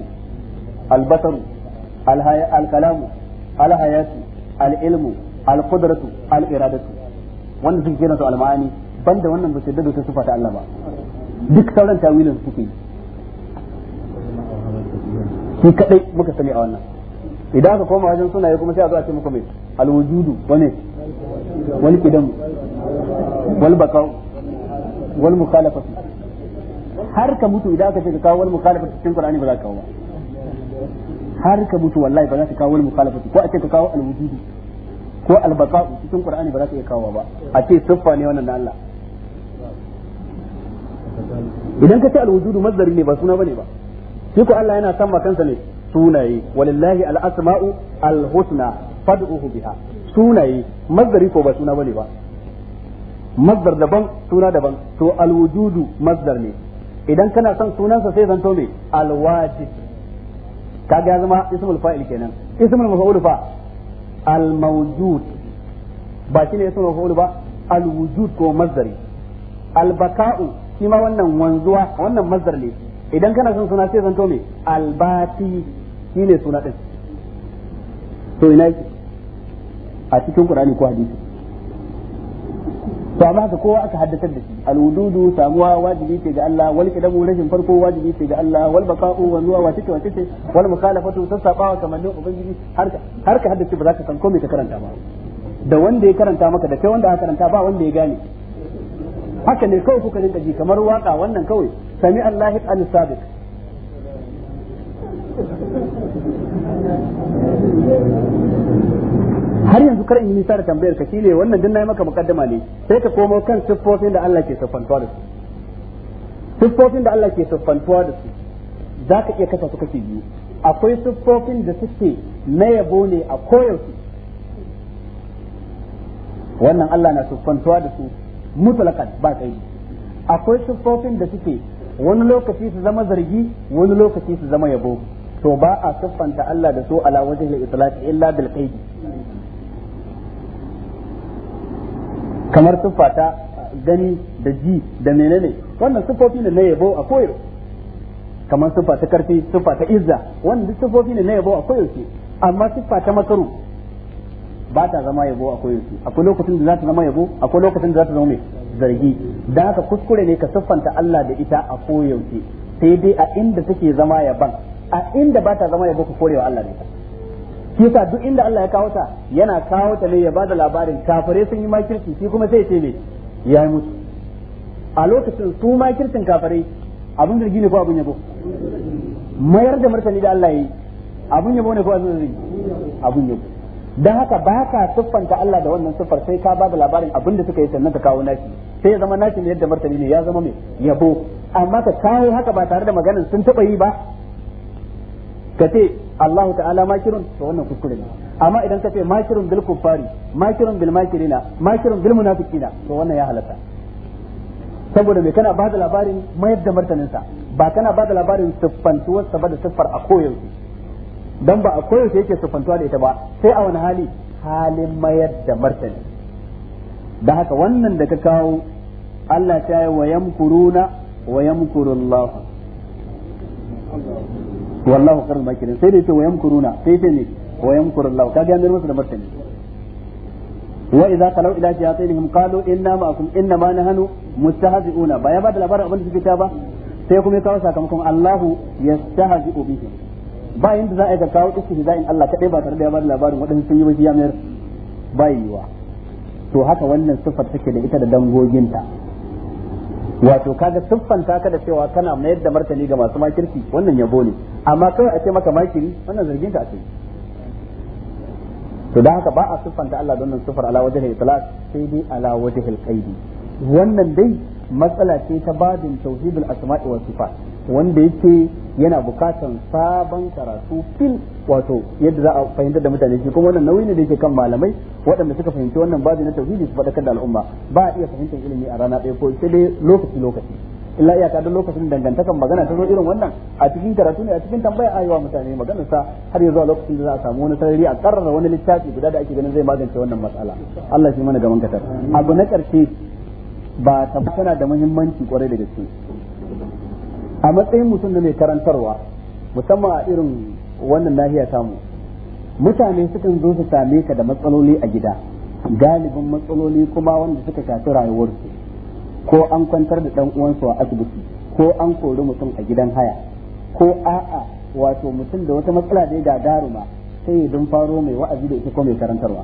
al-basaru al-kalamu al-hayatu al-ilmu al-qudratu al-iradatu wanda suke kiran su almani banda wannan ba su yadda ta sufa ta Allah ba duk sauran tawilin suke yi shi kadai muka sani a wannan idan aka koma wajen ya kuma sai a zo a ce muku mai alwujudu wani wal qidam wal baqa wal mukhalafatu har ka mutu idan aka ce ka kawo wal mukhalafatu cikin Qur'ani ba za ka kawo ba har ka mutu wallahi ba za ka kawo wal mukhalafatu ko a ce ka kawo alwujudu ko albaqa'u cikin qur'ani ba za ka iya kawo ba a ce siffa ne wannan na Allah idan ka ce alwujudu mazdari ne ba suna bane ba shi ko Allah yana san kansa ne sunaye walillahi al-asma'u al-husna fad'uhu biha sunaye mazdari ko ba suna bane ba mazdar daban suna daban to alwujudu mazdar ne idan kana son sunansa sai zanto me alwajib kaga ya zama ismul fa'il kenan ismul maf'ul fa al-mawjud ba shine yasan maf'ul ba al-wujud ko mazdari al-baka'u wannan wanzuwa wannan mazdar ne idan kana son suna sai zanto me albati shine suna din to ina a cikin Qur'ani ko hadisi to amma ka kowa aka haddatar da shi alwududu samuwa wajibi ce ga Allah wal kidamu rashin farko wajibi ce ga Allah wal baqa'u wa zuwa wace wace ce wal mukhalafatu sassabawa kamannin ubangiji har har ka haddace ba za ka san komai ka karanta ba da wanda ya karanta maka da kai wanda aka karanta ba wanda ya gane haka ne kawai kuka rinka ji kamar waka wannan kawai sami Allah al-sabiq har yanzu kar in yi nisa da tambayar ka shine wannan din nayi maka mukaddama ne sai ka komo kan siffofin da Allah ke siffantuwa da su siffofin da Allah ke siffantuwa da su zaka iya kasa su kake biyu akwai siffofin da suke na yabo ne a koyaushe wannan Allah na siffantuwa da su mutlaqan ba kai akwai siffofin da suke wani lokaci su zama zargi wani lokaci su zama yabo to ba a siffanta Allah da su ala wajhil itlaq illa bil qaidi kamar siffa ta gani da ji da menene wannan siffofi ne na yabo a koyo kamar siffa ta karfi siffa ta izza wannan duk siffofi ne na yabo a ce amma siffa ta makaru ba ta zama yabo a ce akwai lokacin da za ta zama yabo akwai lokacin da za ta zama mai zargi dan haka kuskure ne ka siffanta Allah da ita a koyaushe sai dai a inda take zama yaban a inda ba ta zama yabo ka korewa Allah ne kisa duk inda Allah ya kawo ta yana kawo ta ne ya bada labarin kafare sun yi makirci shi kuma sai ya ce ne ya yi mutu a lokacin su makircin kafare abin jirgi ne ko abin yabo mayar da martani da Allah ya yi abin yabo ne ko abin zargi abin yabo don haka ba ka siffanta Allah da wannan siffar sai ka bada labarin abin da suka yi sannan ka kawo naki sai ya zama naki ne yadda martani ne ya zama mai yabo amma ka kawo haka ba tare da maganin sun taɓa yi ba ka ce Allah ta'ala makirun to wannan kuskure ne amma idan ka ce makirun bil kuffari makirun bil makirina makirun bil munafiqina to wannan ya halatta saboda me kana bada labarin mayar da martanin sa ba kana bada labarin siffantuwar sa ba da siffar a koyaushe dan ba a koyaushe yake siffantuwa da ita ba sai a wani hali halin mayar da martani dan haka wannan da ka kawo Allah ta yi wa yamkuruna wa yamkurullahu wallahu khairul makirin sai da yace wayam kuruna sai ce ne wayam kurullahu kaga ya mayar masa da martani wa idza qalu ila shayatinihim qalu inna ma'akum inna ma nahnu mustahzi'una ba ya bada labarin abin da suke ta ba sai kuma ya kawo sakamakon Allahu yastahzi'u bihim ba yanda za a yi ga kawo in Allah kadai ba tare da ya bada labarin wadansu sun yi ba shi ya mayar ba yiwa to haka wannan siffar take da ita da dangoginta wato kaga siffanta ka da cewa kana mayar da martani ga masu makirki wannan yabo ne amma kawai a ce maka makiri wannan zargin ka ce to dan haka ba a siffanta Allah don nan sifar ala wajhi itlaq sai dai ala wajhi qaidi wannan dai matsala ce ta babin tauhidul asma'i wa sifat wanda yake yana bukatan sabon karatu fil wato yadda za a fahimtar da mutane shi kuma wannan nauyi ne da yake kan malamai waɗanda suka fahimci wannan babi na tauhidi su faɗakar da al'umma ba a iya fahimtar ilimi a rana ɗaya ko sai dai lokaci lokaci illa iyaka duk lokacin dangantakan magana ta zo irin wannan a cikin karatu ne a cikin tambaya a wa mutane maganar sa har ya a lokacin da za a samu wani sarari a karrara wani littafi guda da ake ganin zai magance wannan matsala Allah shi mana gaban katar abu na ƙarshe ba ta tana da muhimmanci kwarai da gaske a matsayin mutum da mai karantarwa musamman a irin wannan nahiya tamu mutane sukan zo su same ka da matsaloli a gida galibin matsaloli kuma wanda suka shafi rayuwarsu ko an kwantar da ɗan uwansu a asibiti ko an kori mutum a gidan haya ko a'a wato mutum da wata matsala da ya gagaruma sai ya faro mai wa'azi da ita ko mai karantarwa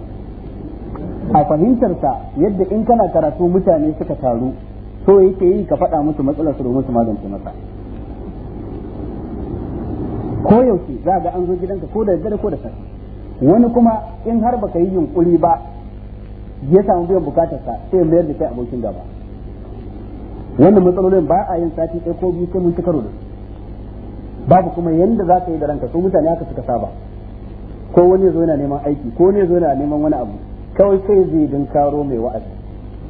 a fahimtarsa yadda in kana karatu mutane suka taru so yake yi ka faɗa musu matsalar su domin su magance masa ko yaushe za ga an zo gidanka ko da dare ko da safe wani kuma in har baka yi yunkuri ba ya samu biyan bukatar sa sai mayar da kai abokin gaba wannan matsalolin ba a yin sati ɗaya ko biyu sai mun ci karo da babu kuma yanda za ka yi da ranka su mutane aka suka saba ko wani ya zo yana neman aiki ko wani ya zo yana neman wani abu kawai sai zai karo mai wa'azi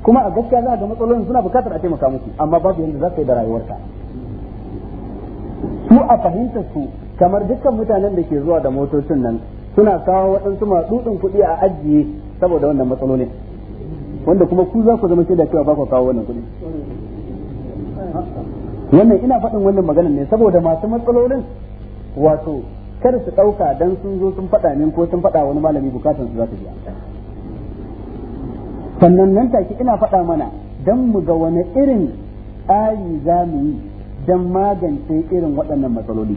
kuma a gaskiya za a ga matsalolin suna bukatar a taimaka muku amma babu yadda za ka yi da rayuwarka su a fahimtar su kamar dukkan mutanen da ke zuwa da motocin nan suna kawo waɗansu matsutsun kuɗi a ajiye saboda wannan matsalolin wanda kuma ku za ku zama shaida cewa ba ku kawo wannan kuɗi wannan ina faɗin wannan maganar ne saboda masu matsalolin wato kar su ɗauka dan sun zo sun faɗa min ko sun faɗa wani malami bukatan su za su biya sannan nan take ina faɗa mana don mu ga wani irin tsari za mu yi don magance irin waɗannan matsaloli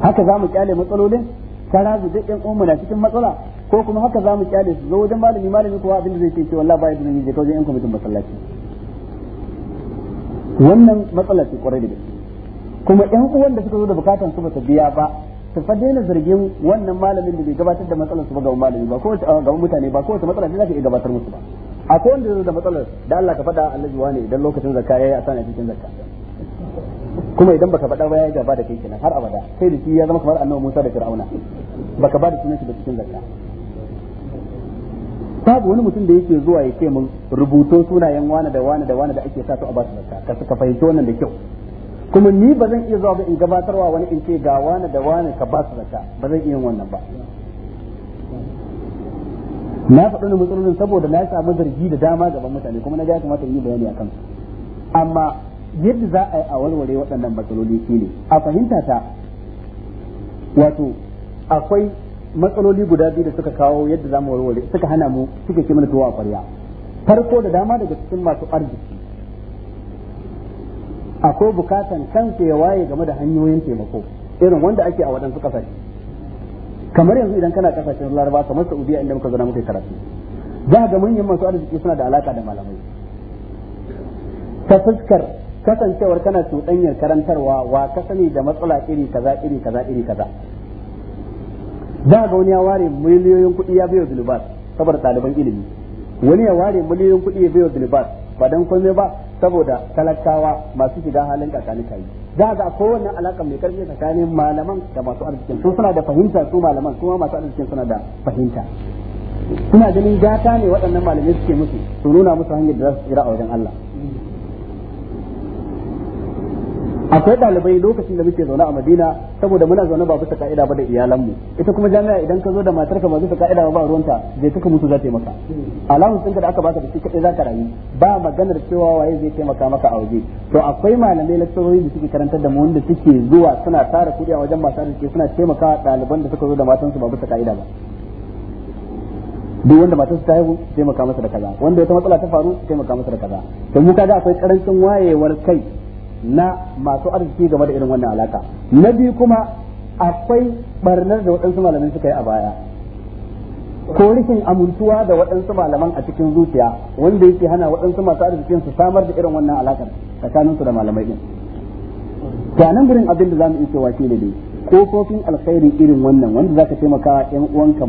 haka za mu kyale matsalolin kara su duk ƴan uwanmu na cikin matsala ko kuma haka za mu kyale su zo wajen malami malami kuwa abin da zai ce wallahi ba yadda zai je wajen ƴan kwamitin masallaci wannan matsala ce kwarai da kuma 'yan uwan da suka zo da bukatan su ba ta biya ba su fa daina zargin wannan malamin da bai gabatar da matsalar su ba ga malami ba ko ga mutane ba ko wata matsala sai zaka iya gabatar musu ba akwai wanda zai da matsalar da Allah ka faɗa Allah ne idan lokacin zakka yayi a sana cikin zakka kuma idan baka faɗa ba yayi gaba da kai kenan har abada sai da shi ya zama kamar annabi Musa da Fir'auna baka ba da sunan shi da cikin zakka babu wani mutum da yake zuwa ya ce mun rubuto sunayen wani da wani da wani da ake sa su a ba su zakka ka fahimci wannan da kyau kuma ni ba zan iya zuwa ba in gabatarwa wani in ce ga wani da wani ka ba su zakka ba zan iya wannan ba na faɗi ne matsalolin saboda na samu zargi da dama gaban mutane kuma na ga kamata in yi bayani akan su amma yadda za a yi a warware waɗannan matsaloli ne a fahimta ta wato akwai matsaloli guda biyu da suka kawo yadda za mu warware suka hana mu suka ce mana tuwa a farko da dama daga cikin masu arziki akwai bukatan kansa ya waye game da hanyoyin taimako irin wanda ake a waɗansu ƙasashe kamar yanzu idan kana ƙasashen laraba kamar saudiya inda muka zana muka karatu za ga manyan masu arziki suna da alaka da malamai ta fuskar kasancewar kana cuɗanyar karantarwa wa ka sani da matsala iri kaza iri kaza iri kaza za ga wani ya ware miliyoyin kuɗi ya biyo zulubat saboda ɗaliban ilimi wani ya ware miliyoyin kuɗi ya biyo zulubat ba dan komai ba saboda talakawa masu shiga halin kakani kai za ga kowanne alaka mai karfi tsakanin malaman da masu arzikin su suna da fahimta su malaman kuma masu arzikin suna da fahimta suna ganin gata ne waɗannan malamai suke musu su nuna musu hanyar da za su tsira a wajen Allah akwai dalibai lokacin da muke zaune a Madina saboda muna zaune ba bisa ka'ida ba da iyalanmu ita kuma jami'a idan ka zo da matarka ba bisa ka'ida ba ruwanta zai kaka mutu za ta yi maka alamun da aka baka da shi kadai za ka rayu ba maganar cewa waye zai taimaka maka a waje to akwai malamai lakcarori da suke karantar da mu wanda suke zuwa suna tara kudi a wajen masu suke suna taimaka daliban da suka zo da matansu ba bisa ka'ida ba duk wanda matar su ta haihu taimaka masa da kaza wanda wata matsala ta faru taimaka masa da kaza to mu kaga akwai karancin wayewar kai na masu arziki game da irin wannan alaka na biyu kuma akwai barnar da waɗansu malamai suka yi a baya ko rikin amintuwa da waɗansu malaman a cikin zuciya wanda yake hana waɗansu masu arzikin su samar da irin wannan alakar tsakanin su da malamai din to nan gurin abin da zamu iya cewa da dai kofofin alkhairi irin wannan wanda zaka taimaka yan uwanka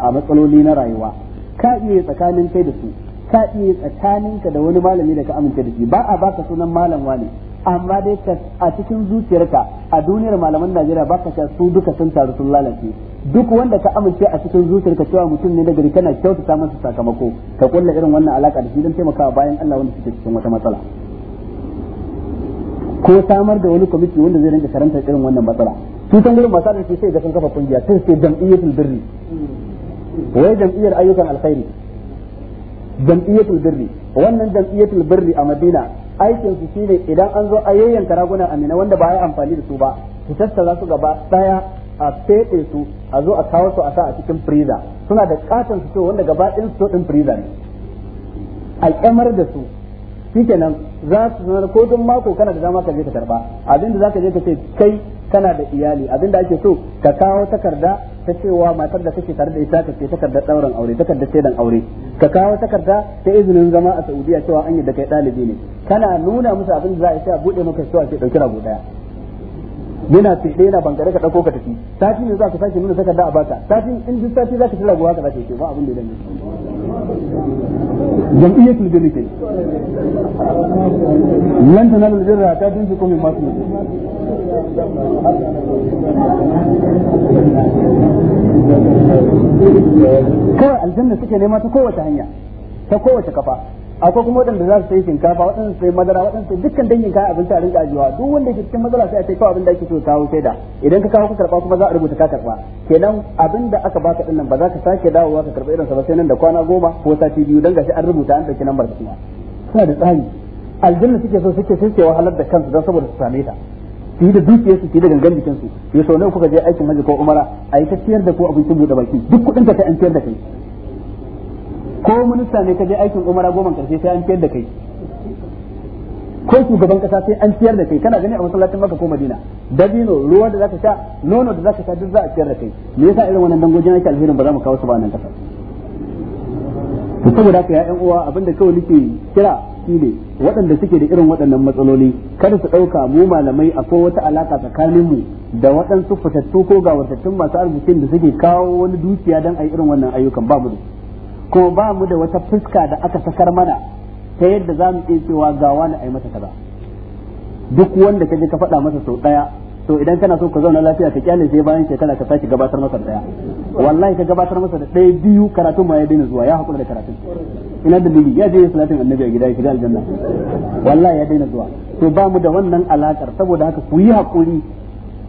a matsaloli na rayuwa ka iya tsakanin kai da su ka iya tsakaninka da wani malami da ka amince da shi ba a baka sunan malam wani amma dai a cikin zuciyarka a duniyar malaman Najeriya ba ka su duka sun taru sun lalace duk wanda ka amince a cikin zuciyarka cewa mutum ne daga kana kyautata masa sakamako ka kulla irin wannan alaka da shi don taimakawa bayan Allah wanda suke cikin wata matsala ko samar da wani kwamiti wanda zai rinka karanta irin wannan matsala su san gurin masu arziki sai ga sun kafa kungiya sun sai jam'iyyatul birri wai jam'iyyar ayyukan alkhairi jam'iyyatul birri wannan jam'iyyatul birri a Madina aikin su shine idan an zo a yayyanka ragunan amina wanda ba a yi amfani da su ba su tattara su gaba daya a fede su a zo a kawo su a sa a cikin freezer suna da katon su to wanda gaba ɗin su din freezer ne a kyamar da su shikenan za su zama ko duk mako kana da dama ka je ka karba abinda zaka je ka ce kai kana da iyali abinda ake so ka kawo takarda ta cewa matar da kake tare da ita ka ce takardar dauran aure takardar shaidan aure ka kawo takarda ta izinin zama a Saudiya cewa an da kai dalibi ne kana nuna musu abin da za a yi a bude maka cewa ke dauki rago daya yana fiɗe yana bankare ka ɗauko ka tafi sati ne za ka sake nuna takarda a baka sati in duk sati za ka ci rago haka za ka ce ba abin da ya jam'iyyat al-birri kai lan tanalu ta dinki kawai aljanna suke nema hanya ta kowace kafa akwai kuma waɗanda za su sai shinkafa waɗanda su sai madara waɗanda su dukkan dangin kayan abinci a rinka ajiyewa duk wanda ke cikin matsala sai a ce kawai abin da ake so kawo sai da idan ka kawo ka karɓa kuma za a rubuta ka karɓa. kenan abin da aka baka din nan ba za ka sake dawowa ka karba irin sa ba sai nan da kwana goma ko sati biyu dan gashi an rubuta an dauki lambar kuma suna da tsari aljanna suke so suke sai wahalar da kansu don saboda su same ta su da dukiyar su da gangan jikin su yi sau nawa kuka je aikin hajji ko umara a yi ta ciyar da ku abincin buɗe baki duk kuɗin ka ta an ciyar da kai ko minista ne ka je aikin umara goma karshe sai an ciyar da kai ko shugaban kasa sai an ciyar da kai kana gani a masallacin maka ko madina dabino ruwa da zaka sha nono da zaka sha duk za a ciyar da kai me yasa irin wannan dangogin ake alherin ba za mu kawo su ba nan kasa to saboda haka ya'yan uwa abinda kawai nake kira shine waɗanda suke da irin waɗannan matsaloli kada su ɗauka mu malamai akwai wata alaka tsakanin mu da waɗansu fatattu ko ga masu arzikin da suke kawo wani dukiya don a yi irin wannan ayyukan ba mu da kuma ba mu da wata fuska da aka sakar mana ta yadda za mu iya cewa ga wani ai mata kaza duk wanda kaje ka faɗa masa sau ɗaya to idan kana so ka zauna lafiya ka kyale sai bayan shekara ka sake gabatar masa ɗaya wallahi ka gabatar masa da ɗaya biyu karatu ma ya daina zuwa ya haƙura da karatu. ina da bibi ya je salatin annabi a gida ya shiga aljanna wallahi ya daina zuwa to ba mu da wannan alakar saboda haka ku yi haƙuri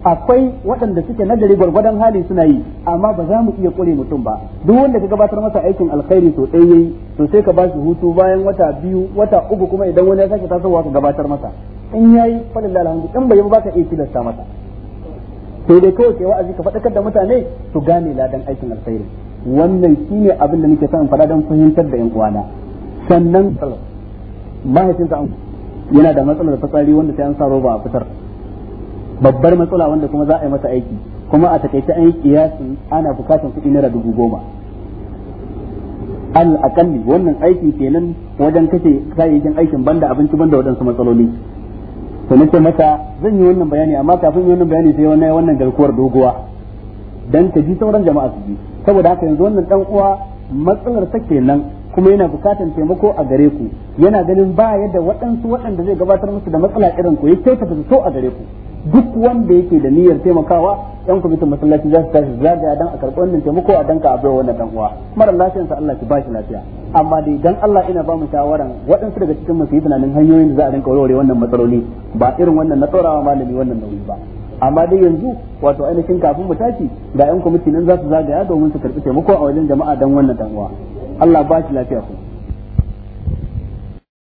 akwai waɗanda suke nagari gwargwadon hali suna yi amma ba za mu iya ƙure mutum ba duk wanda ka gabatar masa aikin alkhairi to ɗaya yayi to sai ka ba shi hutu bayan wata biyu wata uku kuma idan wani ya sake tasowa ka gabatar masa in yayi faɗin alhamdu in bai ba ka iya tilasta masa sai dai kawai kai wa'azi ka faɗakar da mutane su gane ladan aikin alkhairi wannan shine abin da nake son in faɗa don fahimtar da yan uwana sannan mahaifinsa yana da matsalar fitsari wanda sai an sa roba a fitar babbar matsala wanda kuma za a yi masa aiki kuma a takaice an yi ana bukatan kuɗi naira dubu goma al akalli wannan aiki kenan wajen kashe kayayyakin aikin banda abinci banda waɗansu matsaloli to nace mata zan yi wannan bayani amma kafin yi wannan bayani sai wannan wannan garkuwar doguwa dan ta ji sauran jama'a su ji saboda haka yanzu wannan dan uwa matsalar ta kenan kuma yana bukatan taimako a gare ku yana ganin ba yadda waɗansu waɗanda zai gabatar musu da matsala irin ku ya kyautata so a gare ku duk wanda yake da niyyar taimakawa yan kwamitin masallaci za su tashi zagaya dan a karɓi wannan taimako a danka a bai wannan dan uwa mara lafiyarsa Allah ki ba shi lafiya amma dai dan Allah ina ba mu shawaran waɗansu daga cikin masu yi tunanin hanyoyin da za a rinka warware wannan matsaloli ba irin wannan na tsorawa malami wannan nauyi ba amma dai yanzu wato ainihin kafin mu tashi ga yan kwamitin nan za su zagaya domin su karɓi taimako a wajen jama'a dan wannan dan uwa Allah ba shi lafiya kuma